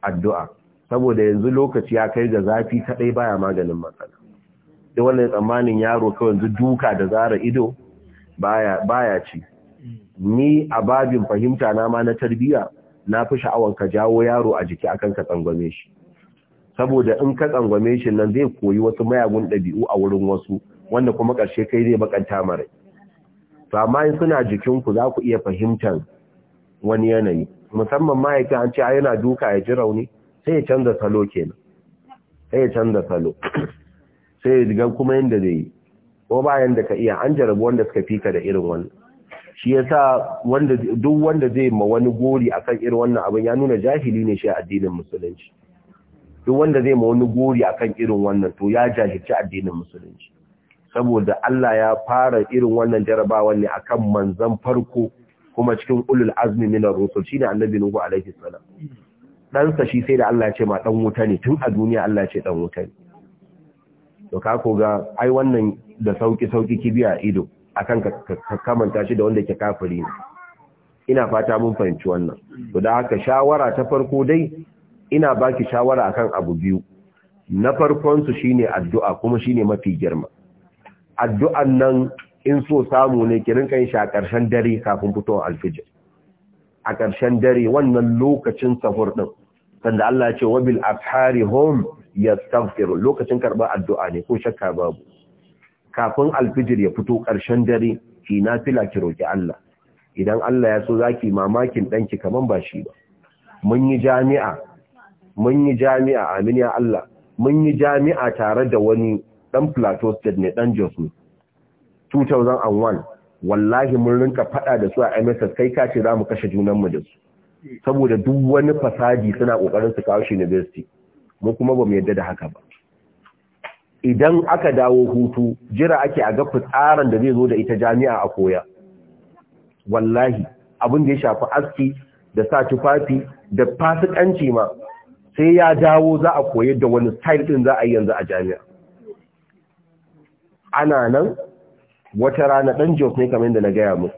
addu'a saboda yanzu lokaci ya kai ga zafi taɗai baya maganin matsala da wannan tsammanin yaro kawai yanzu duka da zara ido baya baya ci ni a babin fahimta na ma na tarbiyya na fi sha'awar ka jawo yaro a jiki akan ka tsangwame shi saboda in ka tsangwame shi nan zai koyi wasu mayagun ɗabi'u a wurin wasu wanda kuma ƙarshe kai zai bakanta mara to amma in suna jikin ku za ku iya fahimtar wani yanayi musamman ma'aikata an ce yana duka ya ji rauni sai ya canza salo kenan sai ya canza salo sai ya ga kuma yanda zai yi ko bayan da ka iya an jarabu wanda suka fika da irin wannan. shi yasa wanda duk wanda zai ma wani gori akan irin wannan abin ya nuna jahili ne shi a addinin musulunci duk wanda zai ma wani gori akan irin wannan to ya jahilci addinin musulunci saboda Allah ya fara irin wannan jarabawan ne akan manzon farko kuma cikin ulul azmi ar rusul shine annabi nuhu alaihi salam dan sa shi sai da Allah ya ce ma dan wuta ne tun a duniya Allah ya ce dan wuta ne to ka koga ai wannan da sauki sauki kibiya ido akan ka kamanta shi da wanda ke kafiri ne ina fata mun fahimci wannan to da haka shawara ta farko dai ina baki shawara akan abu biyu na farkon su shine addu'a kuma shine mafi girma addu'an nan in so samu ne ki rinka yin shi a ƙarshen dare kafin fitowar alfijir a ƙarshen dare wannan lokacin sahur din sanda Allah ya ce wabil ashari hum yastaghfir lokacin karɓar addu'a ne ko shakka babu kafin alfijir ya fito ƙarshen dare ki fila ki roƙi Allah idan Allah ya so zaki mamakin ɗanki kaman ba shi ba mun yi jami'a mun yi jami'a amin ya Allah mun yi jami'a tare da wani dan plateau state ne dan Jos ne 2001 wallahi mun rinka fada da su a MSS kai ka ce zamu kashe junan mu da su saboda duk wani fasadi suna kokarin su kawo shi university mu kuma ba mu yarda da haka ba idan aka dawo hutu jira ake a ga fitsarin da zai zo da ita jami'a a koya wallahi abin da ya shafi aski da sa tufafi da fasikanci ma sai ya dawo za a koyar da wani style din za a yi yanzu a jami'a ana nan wata rana dan Jos ne kamar yadda na gaya muku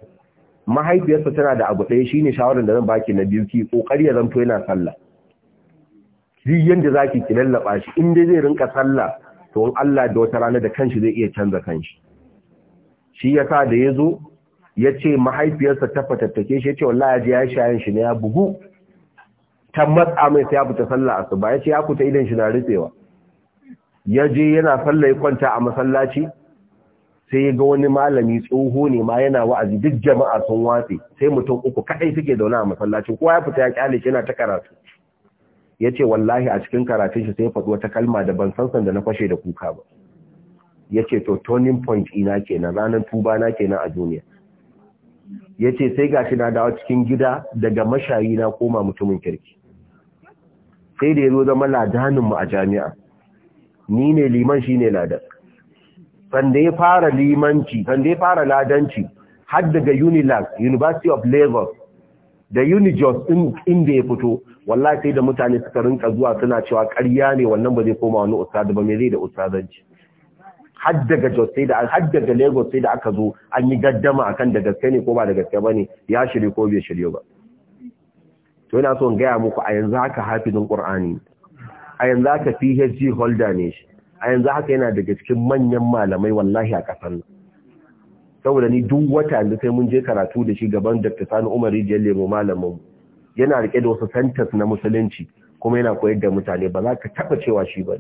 mahaifiyarsa tana da abu ɗaya shine shawarar da zan baki na biyu ki kokari ya zanto yana sallah duk yanda zaki ki lallaba shi in dai zai rinka sallah to in Allah da wata rana da kanshi zai iya canza kanshi shi ya sa da ya yazo ce mahaifiyarsa ta fatattake shi ya ce wallahi ji ya shayin shi ne ya bugu ta matsa mai sai ya fita sallah a su. Ba ya ce ya kuta idan shi na rufewa je yana sallah ya kwanta a masallaci sai ya ga wani malami tsoho ne ma yana wa'azi duk jama'a sun watse sai mutum uku Kaɗai suke zaune a masallacin kowa ya fita ya kyale shi yana ta karatu ya ce wallahi a cikin karatun shi sai faɗi wata kalma da ban san da na fashe da kuka ba ya ce to turning point ina kenan ranar tuba na kenan a duniya ya ce sai ga shi na dawo cikin gida daga mashayi na koma mutumin kirki sai da ya zo zama ladaninmu a jami'a ni ne liman shi ne ladan sanda ya fara limanci sanda ya fara ladanci har daga unilag university of lagos da unijos in da ya fito wallahi sai da mutane suka rinka zuwa suna cewa ƙarya ne wannan ba zai koma wani ustadu ba me zai da ustadanci har daga jos sai da har lagos sai da aka zo an yi gaddama akan da gaske ne ko ba da gaske bane ya shirye ko bai shirye ba to ina so in gaya muku a yanzu haka hafizin qur'ani a yanzu haka phd holder ne shi a yanzu haka yana daga cikin manyan malamai wallahi a ƙasar nan saboda ni duk wata yanzu sai mun je karatu da shi gaban Dr. Sani Umar Rijiyar Lemo malamin yana rike da wasu santas na musulunci kuma yana koyar da mutane ba za ka taba cewa shi ba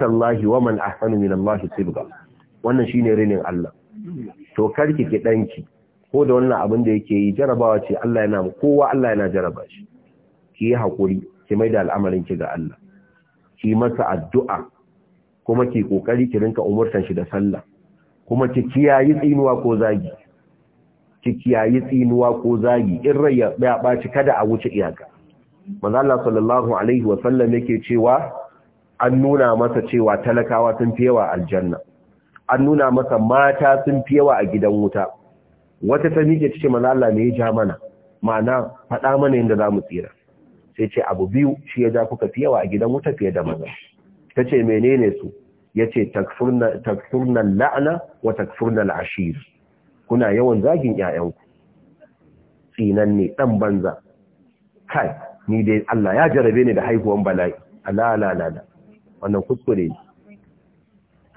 Allahi wa man ahsanu min Allah sibgha wannan shine rinin Allah to karki ki danki ko da wannan abin da yake yi jarabawa ce Allah yana mu kowa Allah yana jaraba shi ki yi hakuri ki mai da al'amarin ki ga Allah ki masa addu'a kuma ki kokari ki rinka umurtan shi da sallah kuma ki kiyayi tsinuwa ko zagi ki kiyayi tsinuwa ko zagi in rai ya baci kada a wuce iyaka manzo Allah sallallahu alaihi wa sallam yake cewa an nuna masa cewa talakawa sun fi yawa aljanna an nuna masa mata sun fi yawa a gidan wuta wata ta miƙe ce manzo Allah ne ya ja mana ma'ana faɗa mana yadda za mu tsira sai ce abu biyu shi ya ja kuka fi yawa a gidan wuta fiye da maza ta ce menene su yace takfurna takfurna la'na wa takfurna al'ashir kuna yawan zagin 'ya'yanku. tsinan ne dan banza kai ni dai Allah ya jarabe ni da haihuwan bala'i ala wannan kuskure ne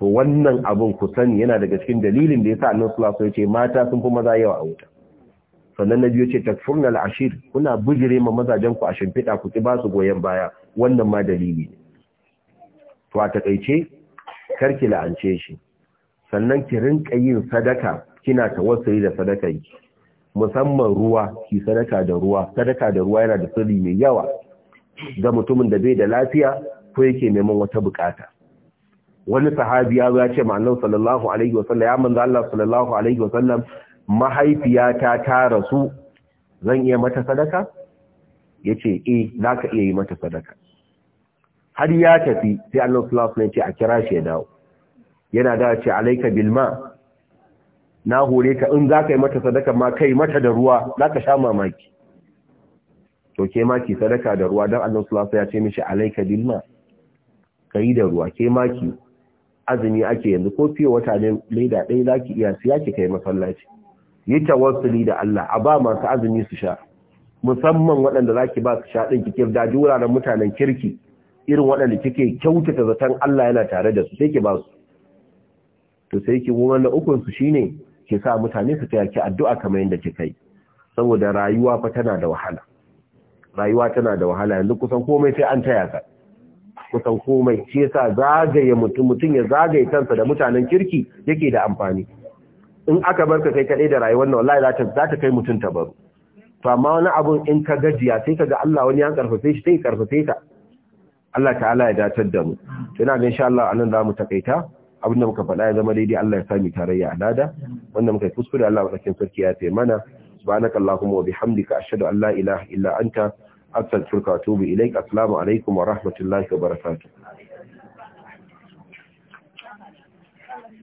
to wannan abun ku sani yana daga cikin dalilin da yasa sa sallallahu alaihi ya ce mata sun fi maza yawa a wuta sannan na biyu ce takfurna al'ashir kuna bujire ma mazajen ku a shimfiɗa ku ki ba su goyen baya wannan ma dalili ne to a takaice karki la'ance shi sannan ki rinka yin sadaka kina ta tawassuli da sadaka sadakanki musamman ruwa ki sadaka da ruwa sadaka da ruwa yana da sirri mai yawa ga mutumin da bai da lafiya ko yake neman wata bukata wani sahabi ya ce ma sallallahu alaihi wasallam ya manzo Allah sallallahu alaihi wasallam mahaifiyata ta rasu zan iya mata sadaka yace eh zaka iya yi mata sadaka har ya tafi sai Allah sallallahu alaihi wasallam ya ce a kira shi ya dawo yana da ce alaika bilma na hore ka in za ka yi mata sadaka ma kai mata da ruwa za ka sha mamaki to ke ma sadaka da ruwa don Allah sulasa ya ce mishi alaika bilma ka yi da ruwa ke ma azumi ake yanzu ko fiye wata ne leda ɗaya za ki iya siya ki kai masallaci yi tawassuli da Allah a ba masu azumi su sha musamman waɗanda za ki ba su sha ɗin ki kirda wuraren mutanen kirki irin waɗanda kike kyautata zaton Allah yana tare da su sai ki ba su to sai ki goma na ukun su shine ki sa mutane su taya ki addu'a kamar yadda kika yi saboda rayuwa fa tana da wahala rayuwa tana da wahala yanzu kusan komai sai an taya ka kusan komai shi yasa zagaye mutum mutum ya zagaye kansa da mutanen kirki yake da amfani in aka barka kai kadai da rayuwar nan wallahi za ta za ta kai mutum ta baro to amma wani abun in ka gajiya sai ka ga Allah wani ya karfafe shi sai karfafe ka Allah ta'ala ya datar da mu to ina ga insha Allah anan za mu takaita abin da muka faɗa ya zama daidai Allah ya sami tarayya a lada wanda muka kuskure Allah madaukakin sarki ya taimana mana subhanaka allahumma wa bihamdika ashhadu an la ilaha illa anta astaghfiruka wa atubu ilaik assalamu alaikum wa rahmatullahi wa barakatuh